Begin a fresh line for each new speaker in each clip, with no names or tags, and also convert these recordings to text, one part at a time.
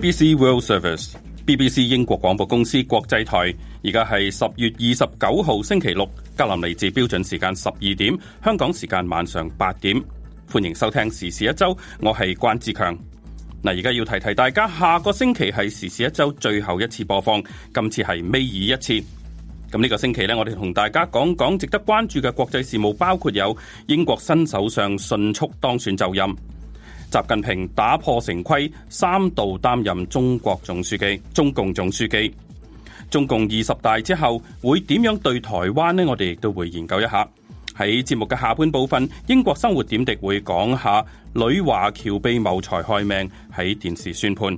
BBC World Service，BBC 英國廣播公司國際台，而家係十月二十九號星期六，格林尼治標準時間十二點，香港時間晚上八點，歡迎收聽時事一周，我係關志強。嗱，而家要提提大家，下個星期係時事一周最後一次播放，今次係尾二一次。咁呢個星期呢，我哋同大家講講值得關注嘅國際事務，包括有英國新首相迅速當選就任。習近平打破成規，三度擔任中國總書記、中共總書記。中共二十大之後會點樣對台灣呢？我哋亦都會研究一下。喺節目嘅下半部分，英國生活點滴會講下女華僑被謀財害命喺電視宣判。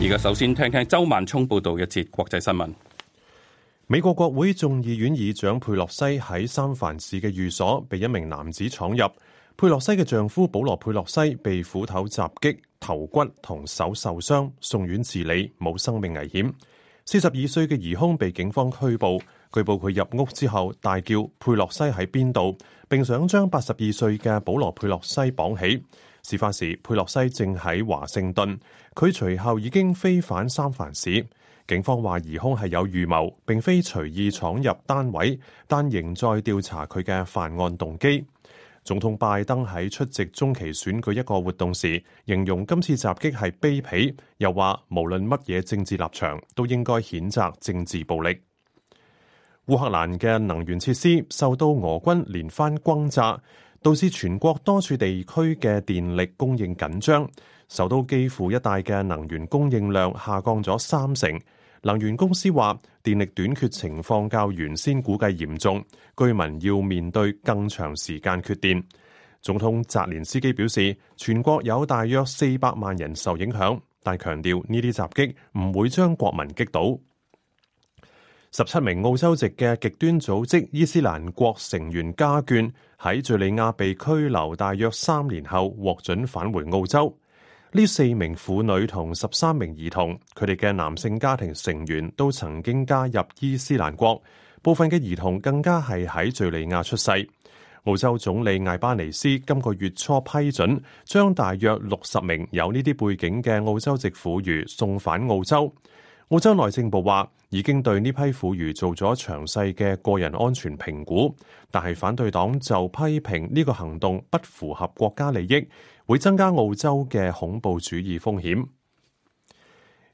而家首先聽聽周萬聰報道一節國際新聞。
美國國會眾議院議長佩洛西喺三藩市嘅寓所，被一名男子闖入，佩洛西嘅丈夫保羅佩洛西被斧頭襲擊，頭骨同手受傷，送院治理，冇生命危險。四十二歲嘅疑凶被警方拘捕，據報佢入屋之後大叫佩洛西喺邊度，並想將八十二歲嘅保羅佩洛西綁起。事發時佩洛西正喺華盛頓，佢隨後已經飛返三藩市。警方話疑凶係有預謀，並非隨意闖入單位，但仍在調查佢嘅犯案動機。總統拜登喺出席中期選舉一個活動時，形容今次襲擊係卑鄙，又話無論乜嘢政治立場，都應該譴責政治暴力。烏克蘭嘅能源設施受到俄軍連番轟炸，導致全國多處地區嘅電力供應緊張，首都基輔一帶嘅能源供應量下降咗三成。能源公司話電力短缺情況較原先估計嚴重，居民要面對更長時間缺電。總統澤連斯基表示，全國有大約四百萬人受影響，但強調呢啲襲擊唔會將國民擊倒。十七名澳洲籍嘅極端組織伊斯蘭國成員家眷喺敘利亞被拘留大約三年後獲准返回澳洲。呢四名婦女同十三名兒童，佢哋嘅男性家庭成員都曾經加入伊斯蘭國，部分嘅兒童更加係喺敍利亞出世。澳洲總理艾巴尼斯今個月初批准，將大約六十名有呢啲背景嘅澳洲籍婦孺送返澳洲。澳洲內政部話：已經對呢批婦孺做咗詳細嘅個人安全評估，但係反對黨就批評呢個行動不符合國家利益，會增加澳洲嘅恐怖主義風險。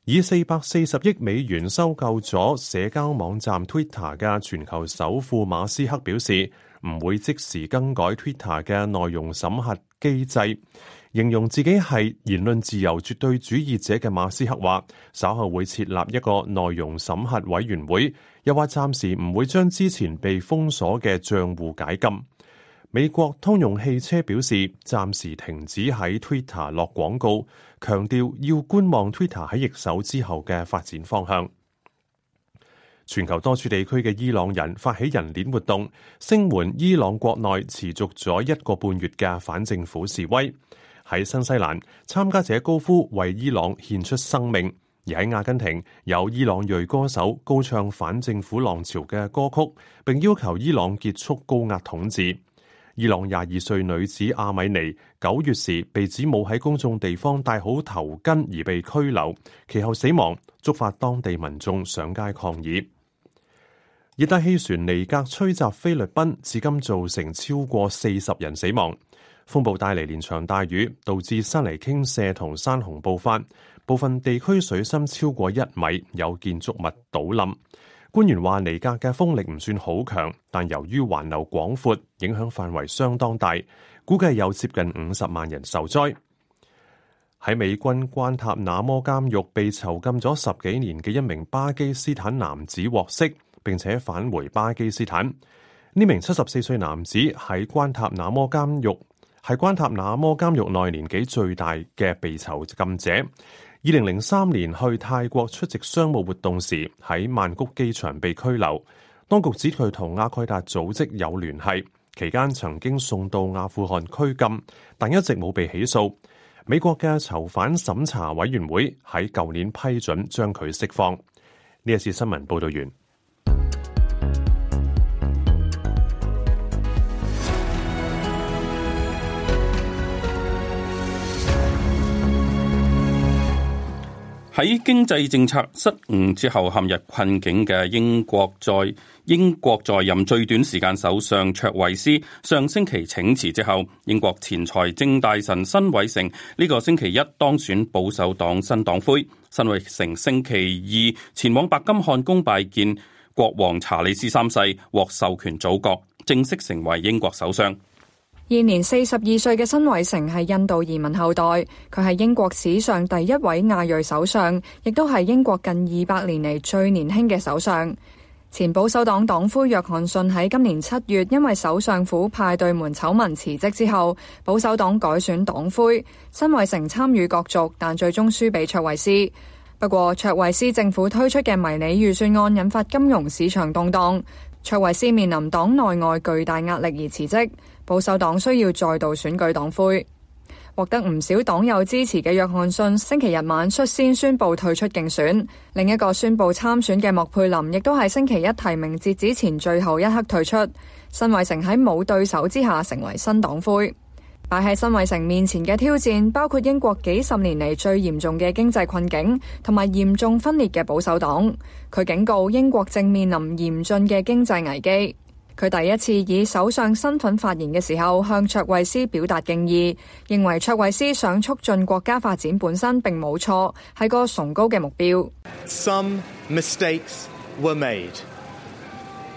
以四百四十億美元收購咗社交網站 Twitter 嘅全球首富馬斯克表示，唔會即時更改 Twitter 嘅內容審核機制。形容自己係言論自由絕對主義者嘅馬斯克話，稍後會設立一個內容審核委員會，又話暫時唔會將之前被封鎖嘅賬戶解禁。美國通用汽車表示暫時停止喺 Twitter 落廣告，強調要觀望 Twitter 喺易手之後嘅發展方向。全球多處地區嘅伊朗人發起人鏈活動，聲援伊朗國內持續咗一個半月嘅反政府示威。.喺新西蘭，參加者高呼為伊朗獻出生命；而喺阿根廷，有伊朗裔歌手高唱反政府浪潮嘅歌曲，並要求伊朗結束高壓統治。伊朗廿二歲女子阿米尼九月時被指冇喺公眾地方戴好頭巾而被拘留，其後死亡，觸發當地民眾上街抗議。熱帶氣旋尼格吹襲菲律賓，至今造成超過四十人死亡。風暴帶嚟連場大雨，導致山泥傾瀉同山洪暴發，部分地區水深超過一米，有建築物倒冧。官員話尼格嘅風力唔算好強，但由於環流廣闊，影響範圍相當大，估計有接近五十萬人受災。喺美軍關塔那摩監獄被囚禁咗十幾年嘅一名巴基斯坦男子獲釋，並且返回巴基斯坦。呢名七十四歲男子喺關塔那摩監獄。係關塔那摩監獄內年紀最大嘅被囚禁者。二零零三年去泰國出席商務活動時，喺曼谷機場被拘留，當局指佢同阿蓋達組織有聯繫。期間曾經送到阿富汗拘禁，但一直冇被起訴。美國嘅囚犯審查委員會喺舊年批准將佢釋放。呢一次新聞報道完。
喺經濟政策失誤之後陷入困境嘅英國，在英國在任最短時間首相卓偉斯上星期請辭之後，英國前財政大臣辛偉成呢個星期一當選保守黨新黨魁。辛偉成星期二前往白金漢宮拜見國王查理斯三世，獲授權組閣，正式成為英國首相。
現年四十二歲嘅辛偉成係印度移民後代，佢係英國史上第一位亞裔首相，亦都係英國近二百年嚟最年輕嘅首相。前保守黨黨魁約翰遜喺今年七月因為首相府派對門醜聞辭職之後，保守黨改選黨魁，辛偉成參與角逐，但最終輸俾卓維斯。不過，卓維斯政府推出嘅迷你預算案引發金融市場動盪，卓維斯面臨黨內外巨大壓力而辭職。保守黨需要再度選舉黨魁，獲得唔少黨友支持嘅約翰遜星，星期日晚率先宣布退出競選，另一個宣布參選嘅莫佩林亦都係星期一提名截止前最後一刻退出，辛偉誠喺冇對手之下成為新黨魁。擺喺辛偉誠面前嘅挑戰包括英國幾十年嚟最嚴重嘅經濟困境同埋嚴重分裂嘅保守黨，佢警告英國正面臨嚴峻嘅經濟危機。佢第一次以首相身份發言嘅時候，向卓慧思表達敬意，認為卓慧思想促進國家發展本身並冇錯，係個崇高嘅目標。Some
mistakes were made,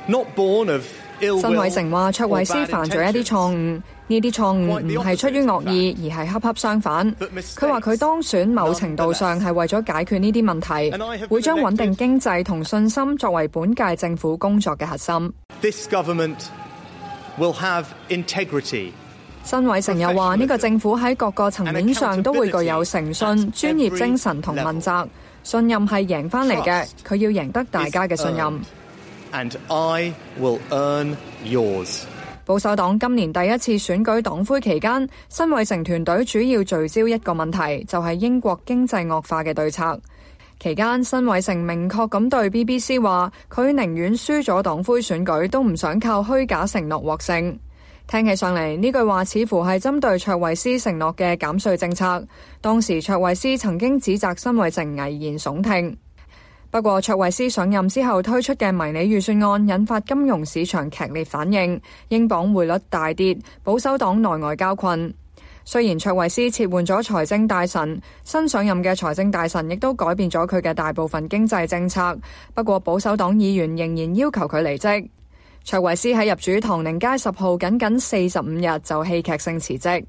not born of ill will or bad intentions. 辛偉誠話：卓慧思犯咗一啲錯
誤。呢啲錯誤唔係出於惡意，而係恰恰相反。佢話佢當選某程度上係為咗解決呢啲問題，會將穩定經濟同信心作為本屆政府工作嘅
核心。
辛偉誠又話：呢個政府喺各個層面上都會具有誠信、專業精神同問責。信任係贏翻嚟嘅，佢要贏得大家嘅信
任。
保守黨今年第一次選舉黨魁期間，辛偉誠團隊主要聚焦一個問題，就係、是、英國經濟惡化嘅對策。期間，辛偉誠明確咁對 BBC 話，佢寧願輸咗黨魁選舉，都唔想靠虛假承諾獲勝。聽起上嚟呢句話，似乎係針對卓慧思承諾嘅減稅政策。當時卓慧思曾經指責辛偉誠危言聳聽。不過，卓維斯上任之後推出嘅迷你預算案引發金融市場劇烈反應，英鎊匯率大跌，保守黨內外交困。雖然卓維斯撤換咗財政大臣，新上任嘅財政大臣亦都改變咗佢嘅大部分經濟政策，不過保守黨議員仍然要求佢離職。卓維斯喺入主唐寧街十號僅僅四十五日就戲劇性辭職。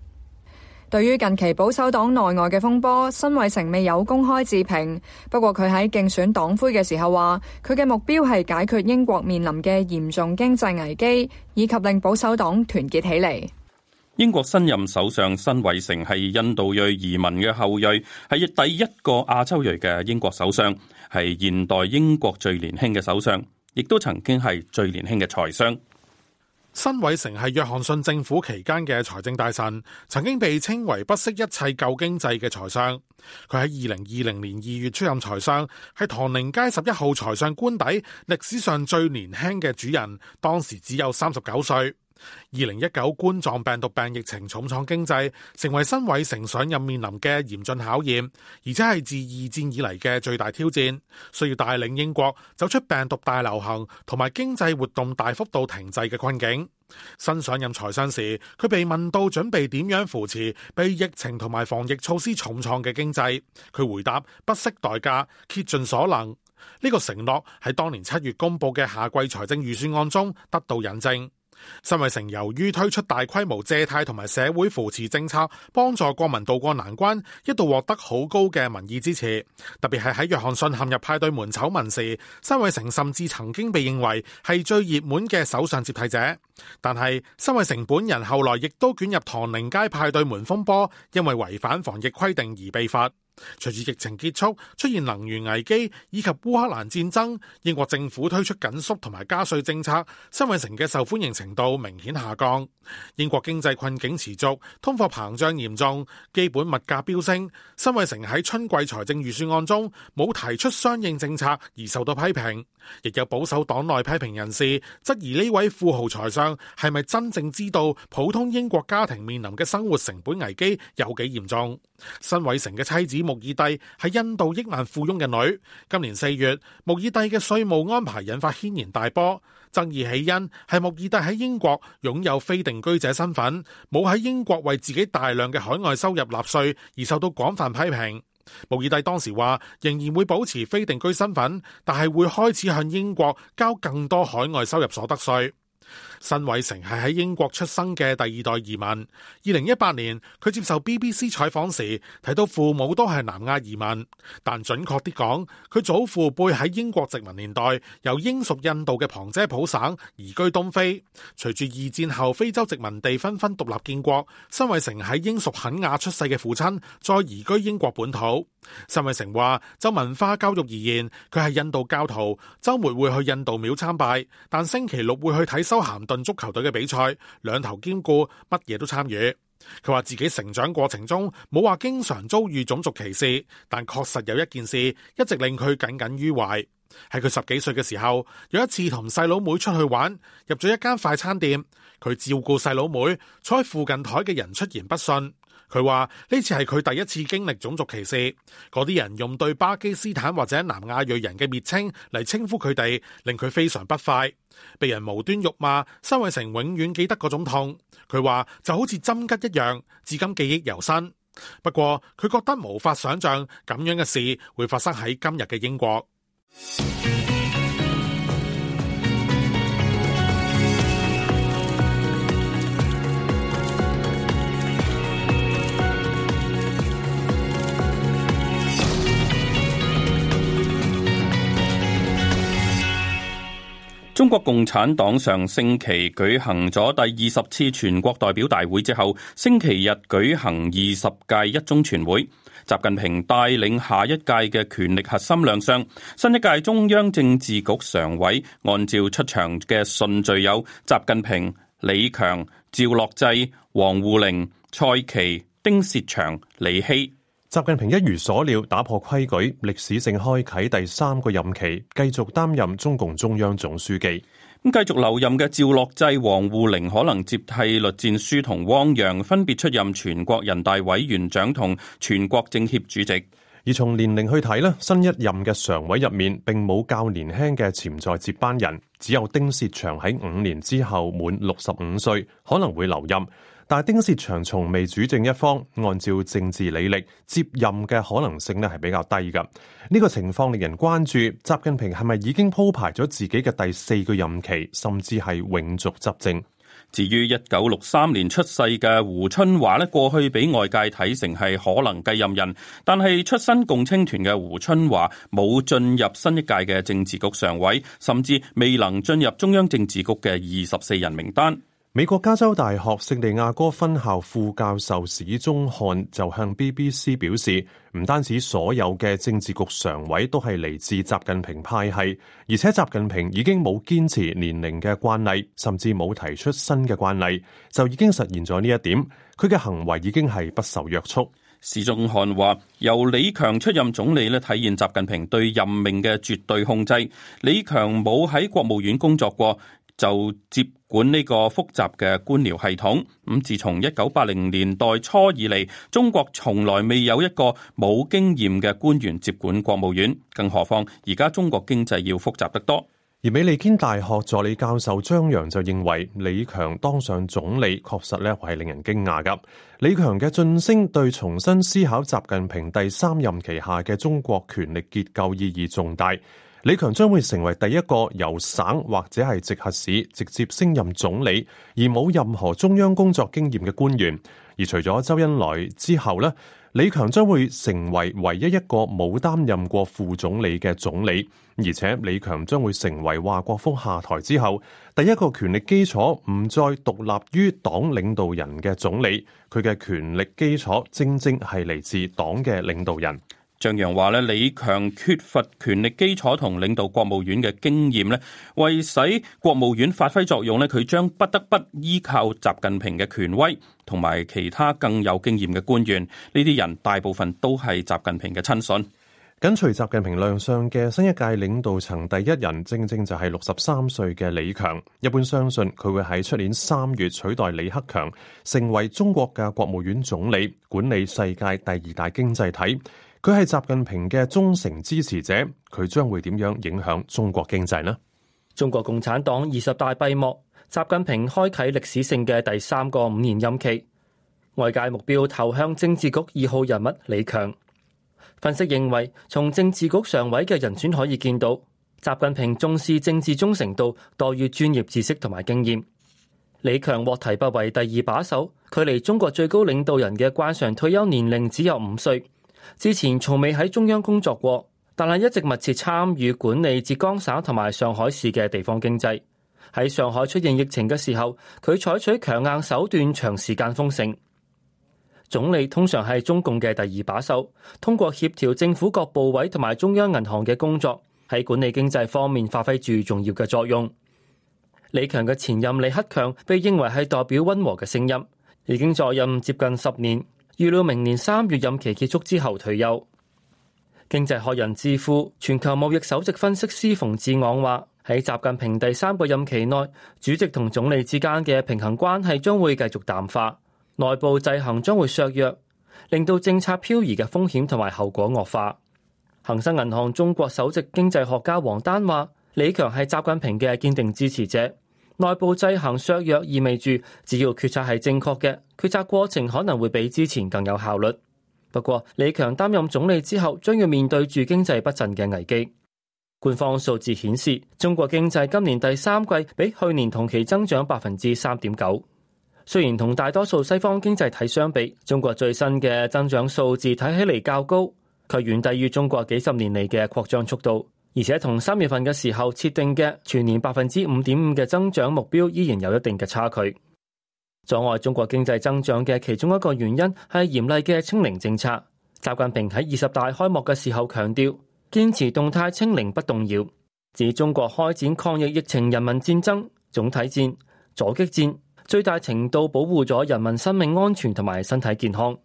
對於近期保守黨內外嘅風波，辛偉誠未有公開置評。不過佢喺競選黨魁嘅時候話，佢嘅目標係解決英國面臨嘅嚴重經濟危機，以及令保守黨團結起嚟。
英國新任首相辛偉誠係印度裔移民嘅後裔，係第一個亞洲裔嘅英國首相，係現代英國最年輕嘅首相，亦都曾經係最年輕嘅財相。
辛偉誠係約翰遜政府期間嘅財政大臣，曾經被稱為不惜一切救經濟嘅財相。佢喺二零二零年二月出任財相，係唐寧街十一號財相官邸歷史上最年輕嘅主人，當時只有三十九歲。二零一九冠狀病毒病疫情重創經濟，成為辛偉誠上任面臨嘅嚴峻考驗，而且係自二戰以嚟嘅最大挑戰，需要帶領英國走出病毒大流行同埋經濟活動大幅度停滯嘅困境。新上任財相時，佢被問到準備點樣扶持被疫情同埋防疫措施重創嘅經濟，佢回答不惜代價，竭盡所能。呢、這個承諾喺當年七月公布嘅夏季財政預算案中得到印證。辛偉誠由於推出大規模借貸同埋社會扶持政策，幫助國民渡過難關，一度獲得好高嘅民意支持。特別係喺約翰遜陷入派對門醜聞時，辛偉誠甚至曾經被認為係最熱門嘅首相接替者。但係辛偉誠本人後來亦都捲入唐寧街派對門風波，因為違反防疫規定而被罰。隨住疫情結束、出現能源危機以及烏克蘭戰爭，英國政府推出緊縮同埋加稅政策，辛偉誠嘅受歡迎程度明顯下降。英國經濟困境持續，通貨膨脹嚴重，基本物價飆升。辛偉誠喺春季財政預算案中冇提出相應政策，而受到批評。亦有保守黨內批評人士質疑呢位富豪財相係咪真正知道普通英國家庭面臨嘅生活成本危機有幾嚴重？辛偉誠嘅妻子。穆爾蒂係印度億萬富翁嘅女。今年四月，穆爾蒂嘅稅務安排引發軒然大波。爭議起因係穆爾蒂喺英國擁有非定居者身份，冇喺英國為自己大量嘅海外收入納稅，而受到廣泛批評。穆爾蒂當時話，仍然會保持非定居身份，但係會開始向英國交更多海外收入所得稅。新偉成係喺英國出生嘅第二代移民。二零一八年佢接受 BBC 採訪時提到，父母都係南亞移民，但準確啲講，佢祖父輩喺英國殖民年代由英屬印度嘅旁遮普省移居東非。隨住，二戰後非洲殖民地紛紛獨立建國，新偉成喺英屬肯亞出世嘅父親再移居英國本土。新偉成話，就文化教育而言，佢係印度教徒，週末會去印度廟參拜，但星期六會去睇修咸頓足球隊嘅比賽，兩頭兼顧，乜嘢都參與。佢話自己成長過程中冇話經常遭遇種族歧視，但確實有一件事一直令佢耿耿於懷。喺佢十幾歲嘅時候，有一次同細佬妹出去玩，入咗一間快餐店，佢照顧細佬妹，坐喺附近台嘅人出言不遜。佢話：呢次係佢第一次經歷種族歧視，嗰啲人用對巴基斯坦或者南亞裔人嘅蔑稱嚟稱呼佢哋，令佢非常不快。被人無端辱罵，周偉成永遠記得嗰種痛。佢話就好似針拮一樣，至今記憶猶新。不過佢覺得無法想像咁樣嘅事會發生喺今日嘅英國。
中國共產黨上星期舉行咗第二十次全國代表大會之後，星期日舉行二十屆一中全會，習近平帶領下一屆嘅權力核心亮相，新一屆中央政治局常委按照出場嘅順序有：習近平、李強、趙樂際、王滬寧、蔡奇、丁薛祥、李希。習近平一如所
料打破規矩，歷史性開啟第三個任期，繼續擔任中共中
央總書記。咁繼續留任嘅趙樂際、王滬寧可能接替栗戰書同汪洋，分別出任全國人大委員長同全國政協主席。
而從年齡去睇咧，新一任嘅常委入面，並冇較年輕嘅潛在接班人，只有丁薛祥喺五年之後滿六十五歲，可能會留任。但丁薛祥從未主政一方，按照政治履歷，接任嘅可能性咧係比較低㗎。呢個情況令人關注，習近平係咪已經鋪排咗自己
嘅第四個任期，甚至係永續執政？至於一九六三年出世嘅胡春華咧，過去俾外界睇成係可能繼任人，但係出身共青團嘅胡春華冇進入新一屆嘅政治局常委，甚至未能進入中央政治局嘅二十四人名單。
美國加州大學聖地亞哥分校副教授史宗漢就向 BBC 表示，唔單止所有嘅政治局常委都係嚟自習近平派系，而且習近平已經冇堅持年齡嘅慣例，甚至冇提出新嘅慣例，就已經實
現咗呢一點。佢嘅行為已經係不受約束。史宗漢話：由李強出任總理呢，體現習近平對任命嘅絕對控制。李強冇喺國務院工作過。就接管呢個複雜嘅官僚系統。咁自從一九八零年代初以嚟，中國從來未有一個冇經驗嘅官員接管國務院。更何況而家中國經濟要複雜得多。而
美利堅大學助理教授張揚就認為，李強當上總理確實咧係令人驚訝噶。李強嘅晉升對重新思考習近平第三任期下嘅中國權力結構意義重大。李強將會成為第一個由省或者係直轄市直接升任總理，而冇任何中央工作經驗嘅官員。而除咗周恩來之後呢，李強將會成為唯一一個冇擔任過副總理嘅總理。而且李強將會成為華國鋒下台之後第一個權力基礎唔再獨立於黨領導人嘅總理。佢嘅權力基礎正正係嚟自黨嘅領導人。
張楊話咧，李強缺乏權力基礎同領導國務院嘅經驗咧，為使國務院發揮作用咧，佢將不得不依靠習近平嘅權威同埋其他更有經驗嘅官員。呢啲人大部分都係習近平嘅親信。
緊隨習近平亮相嘅新一屆領導層第一人，正正就係六十三歲嘅李強。一般相信佢會喺出年三月取代李克強，成為中國嘅國務院總理，管理世界第二大經濟體。佢係習近平嘅忠誠支持者，佢將會點樣影響中國經濟呢？
中國共產黨二十大閉幕，習近平開啟歷史性嘅第三個五年任期。外界目標投向政治局二號人物李強。分析認為，從政治局常委嘅人選可以見到，習近平重視政治忠誠度多於專業知識同埋經驗。李強獲提拔為第二把手，距離中國最高領導人嘅慣常退休年齡只有五歲。之前從未喺中央工作過，但係一直密切參與管理浙江省同埋上海市嘅地方經濟。喺上海出現疫情嘅時候，佢採取強硬手段，長時間封城。總理通常係中共嘅第二把手，通過協調政府各部委同埋中央銀行嘅工作，喺管理經濟方面發揮住重要嘅作用。李強嘅前任李克強被認為係代表溫和嘅聲音，已經在任接近十年。預料明年三月任期結束之後退休。經濟學人智庫全球貿易首席分析師馮志昂話：喺習近平第三個任期內，主席同總理之間嘅平衡關係將會繼續淡化，內部制衡將會削弱，令到政策漂移嘅風險同埋後果惡化。恒生銀行中國首席經濟學家王丹話：李強係習近平嘅堅定支持者。內部制衡削弱意味住，只要決策係正確嘅，決策過程可能會比之前更有效率。不過，李強擔任總理之後，將要面對住經濟不振嘅危機。官方數字顯示，中國經濟今年第三季比去年同期增長百分之三點九。雖然同大多數西方經濟體相比，中國最新嘅增長數字睇起嚟較高，卻遠低於中國幾十年嚟嘅擴張速度。而且同三月份嘅時候設定嘅全年百分之五點五嘅增長目標依然有一定嘅差距。阻礙中國經濟增長嘅其中一個原因係嚴厲嘅清零政策。習近平喺二十大開幕嘅時候強調，堅持動態清零不動搖，指中國開展抗疫疫情人民戰爭、總體戰、阻擊戰，最大程度保護咗人民生命安全同埋身體健康。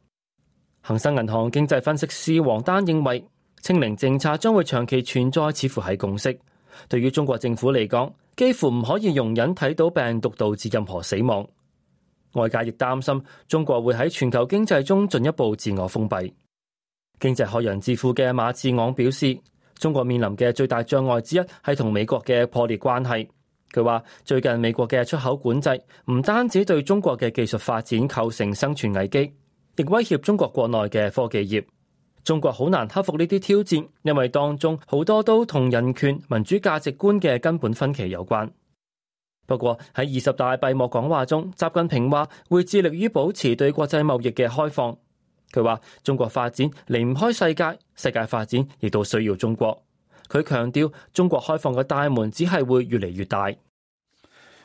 恆生銀行經濟分析師王丹認為。清零政策將會長期存在，似乎係共識。對於中國政府嚟講，幾乎唔可以容忍睇到病毒導致任何死亡。外界亦擔心中國會喺全球經濟中進一步自我封閉。經濟學人智庫嘅馬志昂表示，中國面臨嘅最大障礙之一係同美國嘅破裂關係。佢話，最近美國嘅出口管制唔單止對中國嘅技術發展構成生存危機，亦威脅中國國內嘅科技業。中國好難克服呢啲挑戰，因為當中好多都同人權、民主價值觀嘅根本分歧有關。不過，喺二十大閉幕講話中，習近平話會致力於保持對國際貿易嘅開放。佢話中國發展離唔開世界，世界發展亦都需要中國。佢強調中國開放嘅大門只係會越嚟越大。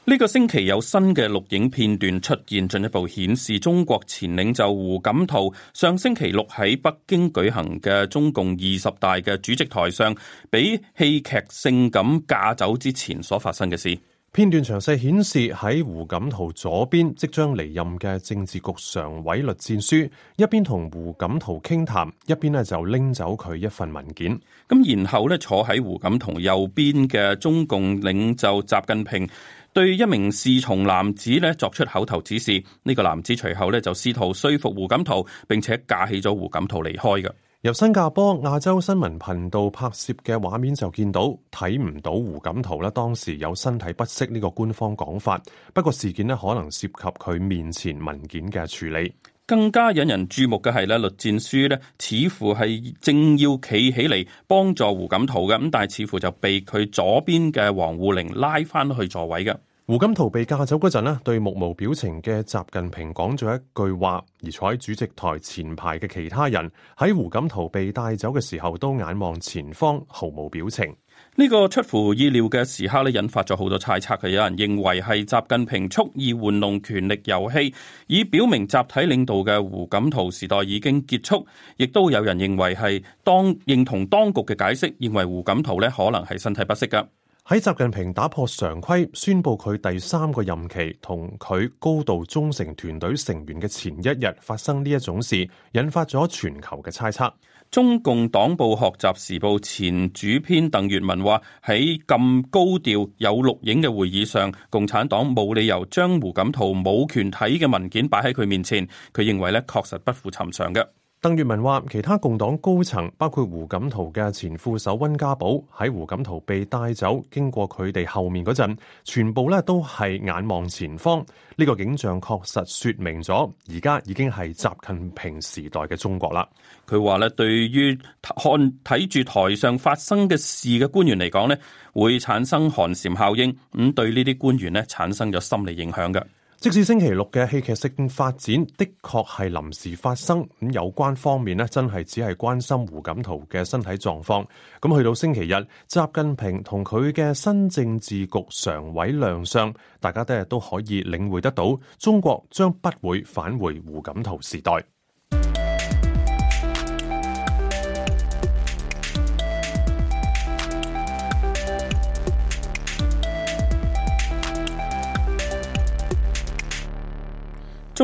呢個
星期有新嘅錄影片段出現，進一步顯示中國前領袖胡錦濤上星期六喺北京舉行嘅中共二十大嘅主席台上，俾戲劇性噉架走之前所發生嘅事。
片段詳細顯示喺胡錦濤左邊，即將離任嘅政治局常委栗戰書，一邊同胡錦濤傾談，一邊咧就拎走
佢一份文件。咁然後咧，坐喺胡錦濤右邊嘅中共領袖習近平，對一名侍從男子咧作出口頭指示，呢個男子隨後咧就試圖說服胡錦濤，並且架起咗胡錦濤離開嘅。由新加坡
亞洲新聞頻道拍攝嘅畫面就見到，睇唔到胡錦濤啦。當時有身體不適呢個官方講法，不過事件咧可能涉及佢面前文
件嘅處理。更加引人注目嘅係呢栗戰書呢似乎係正要企起嚟幫助胡錦濤嘅，咁但係似乎就被佢左邊嘅王滬寧拉翻去座位嘅。
胡錦濤被架走嗰陣咧，對目無表情嘅習近平講咗一句話，而坐喺主席台前排嘅其他人喺胡錦濤被帶
走嘅時候，都眼望前方，毫無表情。呢個出乎意料嘅時刻咧，引發咗好多猜測嘅。有人認為係習近平蓄意玩弄權力遊戲，以表明集體領導嘅胡錦濤時代已經結束，亦都有人認為係當認同當局嘅解釋，認為胡錦濤咧可能係身體不適噶。喺習近平打
破常規宣布佢第三個任期同佢高度忠誠團隊
成員嘅前一日，發生呢一種事，引發咗全球嘅猜測。中共黨報《學習時報》前主編鄧聿文話：喺咁高調有錄影嘅會議上，共產黨冇理由將胡錦濤冇權睇嘅文件擺喺佢面前。佢認為咧，確實不符尋常嘅。鄧月文話：其他共黨高層，
包括胡錦濤嘅前副手温家寶，喺胡錦濤被帶走經過佢哋後面嗰陣，全部咧都係眼望前方。呢個景象確實說明
咗，而家已經係習近平時代嘅中國啦。佢話咧，對於看睇住台上發生嘅事嘅官員嚟講咧，會產生寒蟬效應，咁對呢啲官員咧產生咗心理影響嘅。
即使星期六嘅戲劇式發展的確係臨時發生，咁有關方面咧真係只係關心胡錦濤嘅身體狀況。咁去到星期日，習近平同佢嘅新政治局常委亮相，大家都咧都可以領會得到，中國將不會返回胡錦濤時代。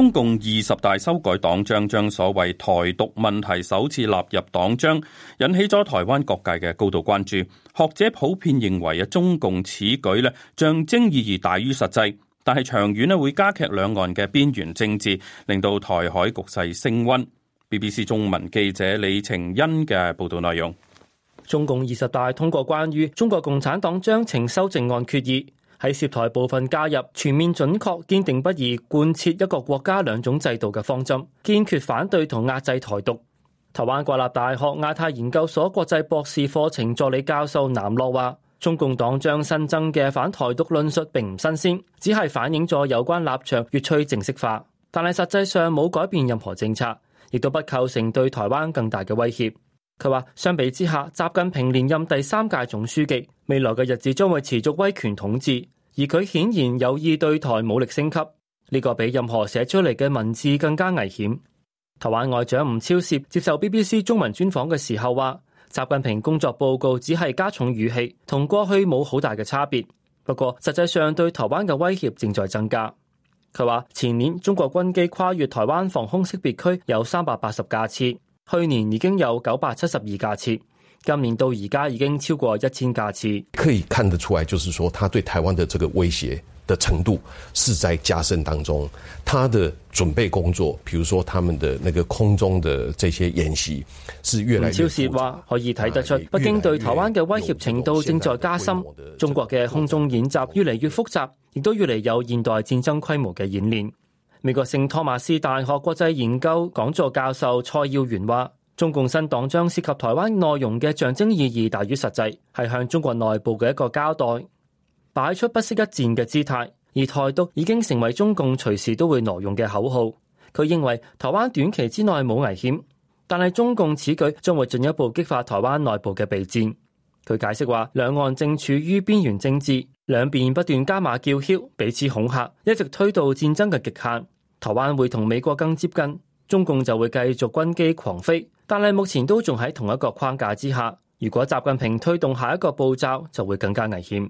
中共二十大修改黨章，將所謂台獨問題首次納入黨章，引起咗台灣各界嘅高度關注。學者普遍認為啊，中共此舉咧象徵意義大於實際，但係長遠咧會加劇兩岸嘅邊緣政治，令到台海局勢升温。BBC 中文記者李晴欣嘅報道內容：
中共二十大通過關於中國共產黨章程修正案決議。喺涉台部分加入全面準確堅定不移貫徹一個國家兩種制度嘅方針，堅決反對同壓制台獨。台灣國立大學亞太研究所國際博士課程助理教授南樂話，中共黨將新增嘅反台獨論述並唔新鮮，只係反映咗有關立場越趨正式化，但係實際上冇改變任何政策，亦都不構成對台灣更大嘅威脅。佢話：相比之下，習近平連任第三屆總書記，未來嘅日子將會持續威權統治，而佢顯然有意對台武力升級。呢個比任何寫出嚟嘅文字更加危險。台灣外長吳釗燮接受 BBC 中文專訪嘅時候話：習近平工作報告只係加重語氣，同過去冇好大嘅差別。不過，實際上對台灣嘅威脅正在增加。佢話：前年中國軍機跨越台灣防空識別區有三百八十架次，去年已經有九百七十二架次，今年到而家已經超過一千架次。可以看得出來，就是說，他對台灣的這個威脅的程度是在加深當中。他的準備工作，譬如說他們的那個空中的這些演習，是越嚟越複雜。超說：話可以睇得出，北京對台灣嘅威脅程度正在加深。中國嘅空中演習越嚟越複雜，亦都越嚟有現代戰爭規模嘅演練。美國聖托馬斯大學國際研究講座教授蔡耀元話：中共新黨章涉及台灣內容嘅象徵意義大於實際，係向中國內部嘅一個交代，擺出不惜一戰嘅姿態。而台獨已經成為中共隨時都會挪用嘅口號。佢認為台灣短期之內冇危險，但係中共此舉將會進一步激發台灣內部嘅備戰。佢解釋話：兩岸正處於邊緣政治。兩邊不斷加碼叫囂，彼此恐嚇，一直推到戰爭嘅極限。台灣會同美國更接近，中共就會繼續軍機狂飛。但係目前都仲喺同一個框架之下。如果習近平推動下一個步驟，就會更加危險。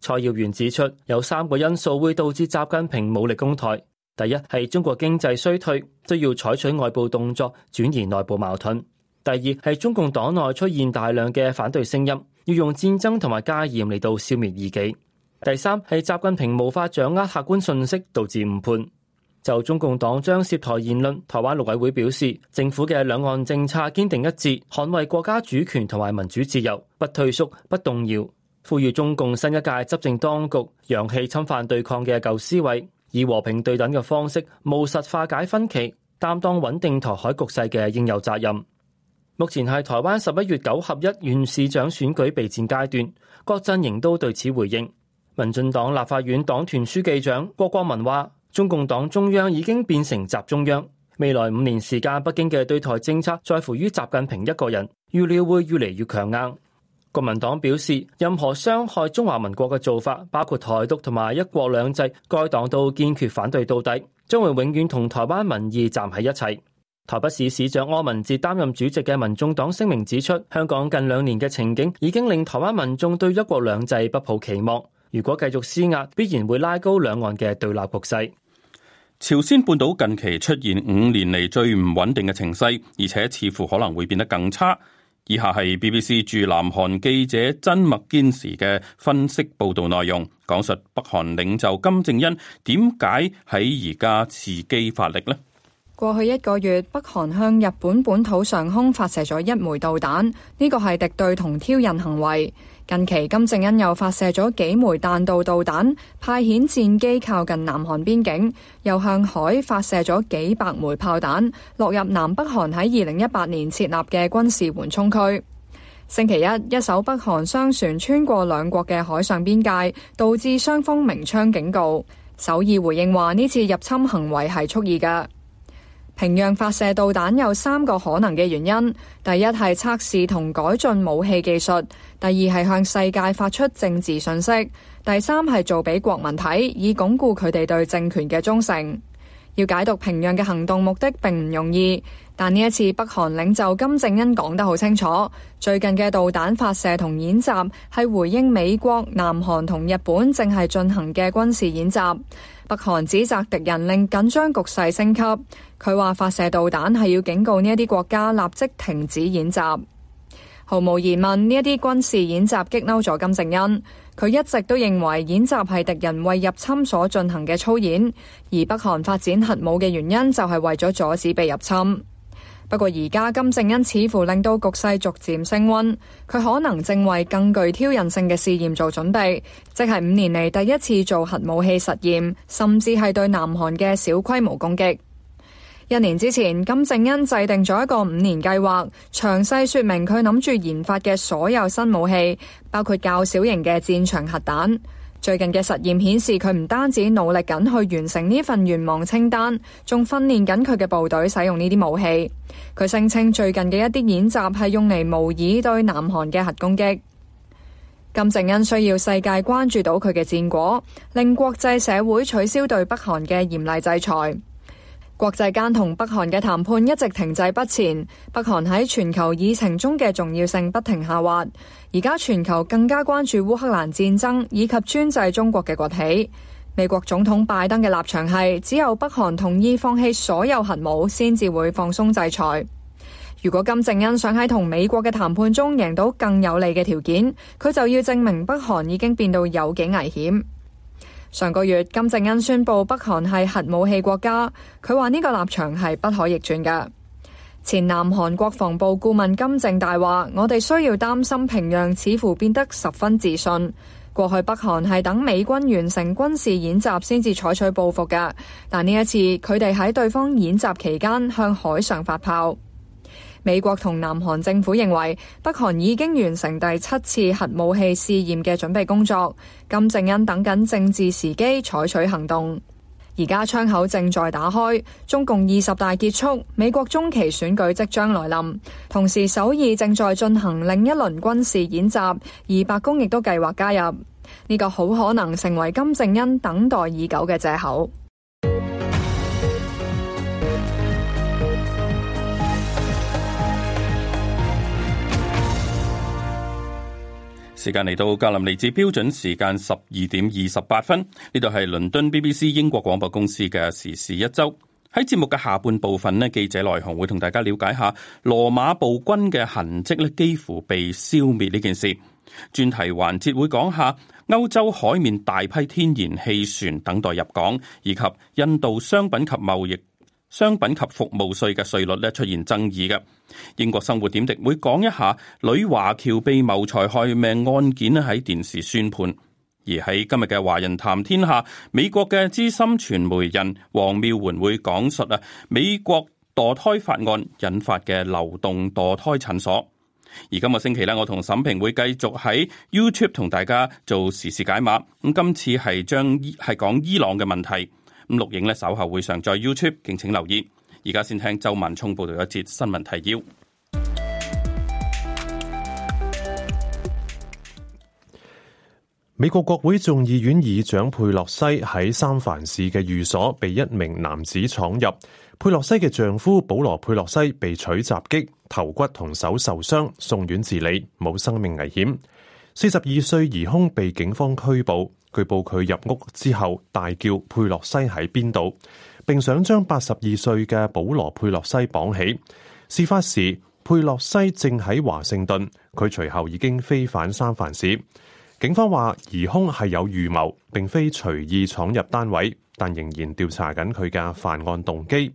蔡耀元指出，有三個因素會導致習近平武力攻台：第一係中國經濟衰退，需要採取外部動作轉移內部矛盾；第二係中共黨內出現大量嘅反對聲音，要用戰爭同埋加嚴嚟到消滅異己。第三係習近平無法掌握客觀信息，導致誤判。就中共黨將涉台言論，台灣陸委會表示，政府嘅兩岸政策堅定一致，捍衛國家主權同埋民主自由，不退縮、不動搖。呼籲中共新一屆執政當局揚棄侵犯對抗嘅舊思維，以和平對等嘅方式務實化解分歧，擔當穩定台海局勢嘅應有責任。目前係台灣十一月九合一縣市長選舉備戰階段，各陣營都對此回應。民進黨立法院黨團書記長郭國文話：中共黨中央已經變成習中央，未來五年時間，北京嘅對台政策在乎於習近平一個人，預料會越嚟越強硬。國民黨表示，任何傷害中華民國嘅做法，包括台獨同埋一國兩制，該黨都堅決反對到底，將會永遠同台灣民意站喺一齊。台北市市長柯文哲擔任主席嘅民眾黨聲明指出，香港近兩年嘅情景已經令台灣民眾對一國兩制不抱期望。如果繼續施壓，必然會拉高兩岸嘅對立局勢。朝鮮半島近期
出現五年嚟最唔穩定嘅情勢，而且似乎可能會變得更差。以下係 BBC 駐南韓記者曾麥堅時嘅分析報道內容，講述北韓領袖金正恩點解喺而家伺機發力呢。
過去一個月，北韓向日本本土上空發射咗一枚導彈，呢個係敵對同挑釁行為。近期金正恩又發射咗幾枚彈道導彈，派遣戰機靠近南韓邊境，又向海發射咗幾百枚炮彈，落入南北韓喺二零一八年設立嘅軍事緩衝區。星期一，一艘北韓商船穿過兩國嘅海上邊界，導致雙方鳴槍警告。首爾回應話呢次入侵行為係蓄意㗎。平壤發射導彈有三個可能嘅原因：第一係測試同改進武器技術；第二係向世界發出政治信息；第三係做俾國民睇，以鞏固佢哋對政權嘅忠誠。要解讀平壤嘅行動目的，並唔容易。但呢一次，北韓領袖金正恩講得好清楚，最近嘅導彈發射同演習係回應美國、南韓同日本正係進行嘅軍事演習。北韓指責敵人令緊張局勢升級。佢話發射導彈係要警告呢一啲國家立即停止演習，毫無疑問，呢一啲軍事演習激嬲咗金正恩。佢一直都認為演習係敵人為入侵所進行嘅操演，而北韓發展核武嘅原因就係為咗阻止被入侵。不過而家金正恩似乎令到局勢逐漸升溫，佢可能正為更具挑釁性嘅試驗做準備，即係五年嚟第一次做核武器實驗，甚至係對南韓嘅小規模攻擊。一年之前，金正恩制定咗一個五年計劃，詳細說明佢諗住研發嘅所有新武器，包括較小型嘅戰場核彈。最近嘅實驗顯示，佢唔單止努力緊去完成呢份願望清單，仲訓練緊佢嘅部隊使用呢啲武器。佢聲稱最近嘅一啲演習係用嚟模擬對南韓嘅核攻擊。金正恩需要世界關注到佢嘅戰果，令國際社會取消對北韓嘅嚴厲制裁。國際間同北韓嘅談判一直停滯不前，北韓喺全球議程中嘅重要性不停下滑。而家全球更加關注烏克蘭戰爭以及專制中國嘅崛起。美國總統拜登嘅立場係只有北韓同意放棄所有核武，先至會放鬆制裁。如果金正恩想喺同美國嘅談判中贏到更有利嘅條件，佢就要證明北韓已經變到有幾危險。上個月，金正恩宣佈北韓係核武器國家，佢話呢個立場係不可逆轉噶。前南韓國防部顧問金正大話：我哋需要擔心平壤似乎變得十分自信。過去北韓係等美軍完成軍事演習先至採取報復噶，但呢一次，佢哋喺對方演習期間向海上發炮。美國同南韓政府認為，北韓已經完成第七次核武器試驗嘅準備工作，金正恩等緊政治時機採取行動。而家窗口正在打開，中共二十大結束，美國中期選舉即將來臨，同時首爾正在進行另一輪軍事演習，而白宮亦都計劃加入，呢個好可能成為金正恩等待已久嘅借口。
時間嚟到格林尼治標準時間十二點二十八分，呢度係倫敦 BBC 英國廣播公司嘅時事一周。喺節目嘅下半部分咧，記者來鴻會同大家了解下羅馬暴君嘅痕跡咧幾乎被消滅呢件事。專題環節會講下歐洲海面大批天然氣船等待入港，以及印度商品及貿易。商品及服務稅嘅稅率咧出現爭議嘅。英國生活點滴會講一下女華僑被謀財害命案件喺電視宣判。而喺今日嘅華人談天下，美國嘅資深傳媒人王妙媛會講述啊美國墮胎法案引發嘅流動墮胎診所。而今個星期咧，我同沈平會繼續喺 YouTube 同大家做時事解碼。咁今次係將係講伊朗嘅問題。咁錄影呢，稍後會上載 YouTube，敬請留意。而家先聽周文聰報道一節新聞提要。
美國國會眾議院議長佩洛西喺三藩市嘅寓所被一名男子闖入，佩洛西嘅丈夫保羅佩洛西被取襲擊，頭骨同手受傷，送院治理，冇生命危險。四十二歲疑兇被警方拘捕。據報佢入屋之後大叫佩洛西喺邊度，並想將八十二歲嘅保羅佩洛西綁起。事發時佩洛西正喺華盛頓，佢隨後已經飛返三藩市。警方話疑凶係有預謀，並非隨意闖入單位，但仍然調查緊佢嘅犯案動機。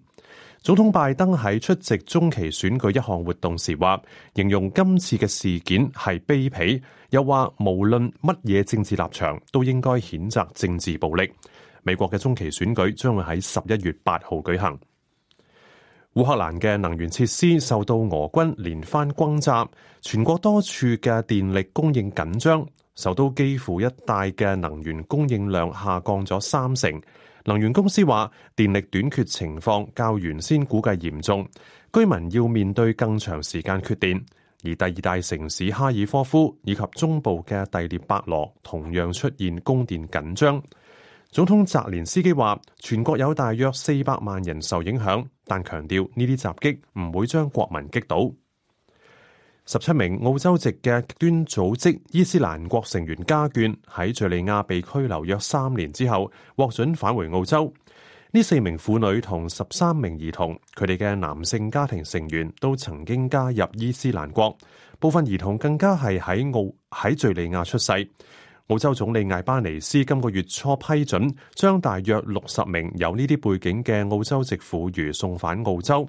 總統拜登喺出席中期選舉一項活動時話，形容今次嘅事件係卑鄙，又話無論乜嘢政治立場都應該譴責政治暴力。美國嘅中期選舉將會喺十一月八號舉行。烏克蘭嘅能源設施受到俄軍連番轟炸，全國多處嘅電力供應緊張，首都基輔一帶嘅能源供應量下降咗三成。能源公司話電力短缺情況較原先估計嚴重，居民要面對更長時間缺電。而第二大城市哈爾科夫以及中部嘅第聶伯羅同樣出現供電緊張。總統澤連斯基話，全國有大約四百萬人受影響，但強調呢啲襲擊唔會將國民擊倒。十七名澳洲籍嘅極端組織伊斯蘭國成員家眷喺敘利亞被拘留約三年之後獲准返回澳洲。呢四名婦女同十三名兒童，佢哋嘅男性家庭成員都曾經加入伊斯蘭國。部分兒童更加係喺澳喺敘利亞出世。澳洲總理艾巴尼斯今個月初批准將大約六十名有呢啲背景嘅澳洲籍婦孺送返澳洲。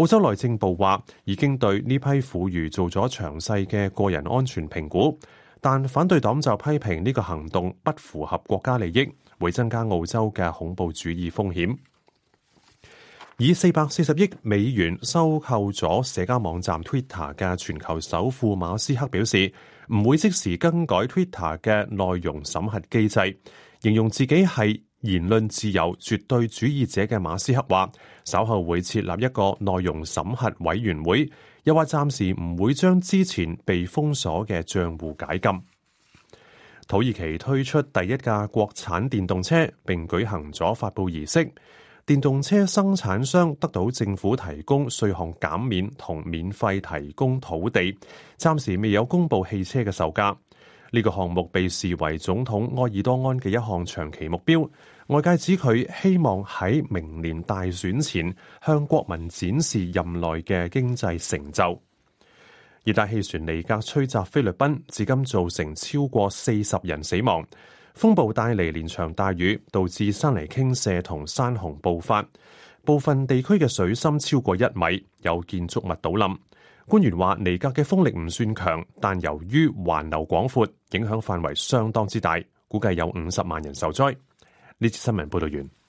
澳洲內政部話已經對呢批婦孺做咗詳細嘅個人安全評估，但反對黨就批評呢個行動不符合國家利益，會增加澳洲嘅恐怖主義風險。以四百四十億美元收購咗社交網站 Twitter 嘅全球首富馬斯克表示，唔會即時更改 Twitter 嘅內容審核機制，形容自己係。言論自由絕對主義者嘅馬斯克話，稍後會設立一個內容審核委員會，又話暫時唔會將之前被封鎖嘅賬戶解禁。土耳其推出第一架國產電動車，並舉行咗發佈儀式。電動車生產商得到政府提供稅項減免同免費提供土地，暫時未有公布汽車嘅售價。呢個項目被視為總統埃爾多安嘅一項長期目標，外界指佢希望喺明年大選前向國民展示任內嘅經濟成就。熱帶氣旋尼格吹襲菲律賓，至今造成超過四十人死亡。風暴帶嚟連場大雨，導致山泥傾瀉同山洪暴發，部分地區嘅水深超過一米，有建築物倒冧。官員話：尼格嘅風力唔算強，但由於環流廣闊，影響範圍相當之大，估計有五十萬人受災。呢次新聞報道完。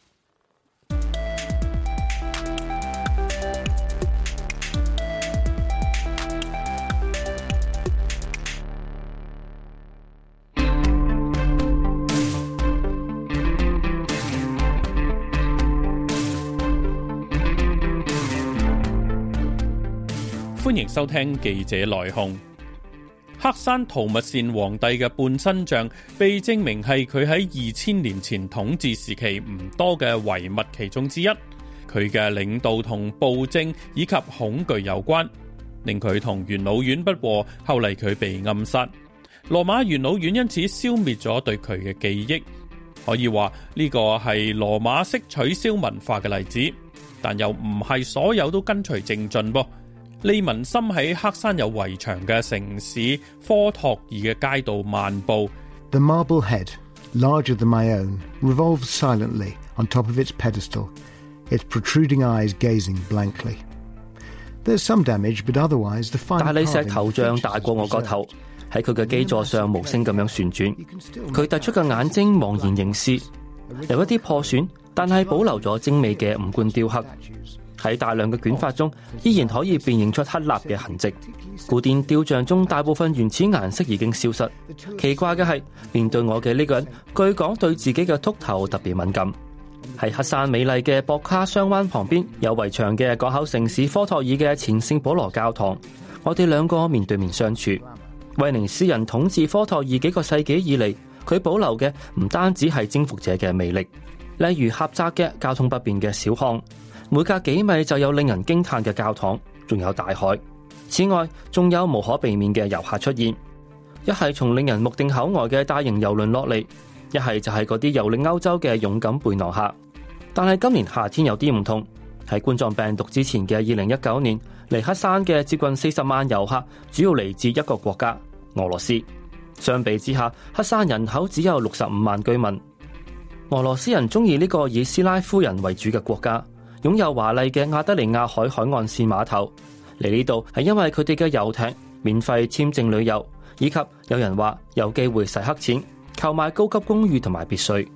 收聽記者來鴻。黑山圖密善皇帝嘅半身像被證明係佢喺二千年前統治時期唔多嘅遺物其中之一。佢嘅領導同暴政以及恐懼有關，令佢同元老院不和。後嚟佢被暗殺，羅馬元老院因此消滅咗對佢嘅記憶。可以話呢個係羅馬式取消文化嘅例子，但又唔係所有都跟隨正進噃。利文森喺黑山有圍牆嘅城市
科托爾嘅街道漫步。大理石頭
像大過我個頭，喺佢嘅基座上無聲咁樣旋轉，佢突出嘅眼睛茫然凝視，有一啲破損，但係保留咗精美嘅五官雕刻。喺大量嘅捲髮中，依然可以辨認出黑蠟嘅痕迹。古典雕像中大部分原始顏色已經消失。奇怪嘅係，面對我嘅呢個人，據講對自己嘅禿頭特別敏感。喺黑山美麗嘅博卡雙灣旁邊，有圍牆嘅港口城市科托爾嘅前聖保羅教堂。我哋兩個面對面相處。威尼斯人統治科托爾幾個世紀以嚟，佢保留嘅唔單止係征服者嘅魅力，例如狹窄嘅交通不便嘅小巷。每隔幾米就有令人驚嘆嘅教堂，仲有大海。此外，仲有無可避免嘅遊客出現，一係從令人目定口呆嘅大型遊輪落嚟，一係就係嗰啲遊歷歐洲嘅勇敢背囊客。但係今年夏天有啲唔同，喺冠狀病毒之前嘅二零一九年，嚟黑山嘅接近四十萬遊客主要嚟自一個國家，俄羅斯。相比之下，黑山人口只有六十五萬居民，俄羅斯人中意呢個以斯拉夫人為主嘅國家。擁有華麗嘅亞得里亞海海岸線碼頭，嚟呢度係因為佢哋嘅遊艇、免費簽證旅遊，以及有人話有機會洗黑錢、購買高級公寓同埋別墅。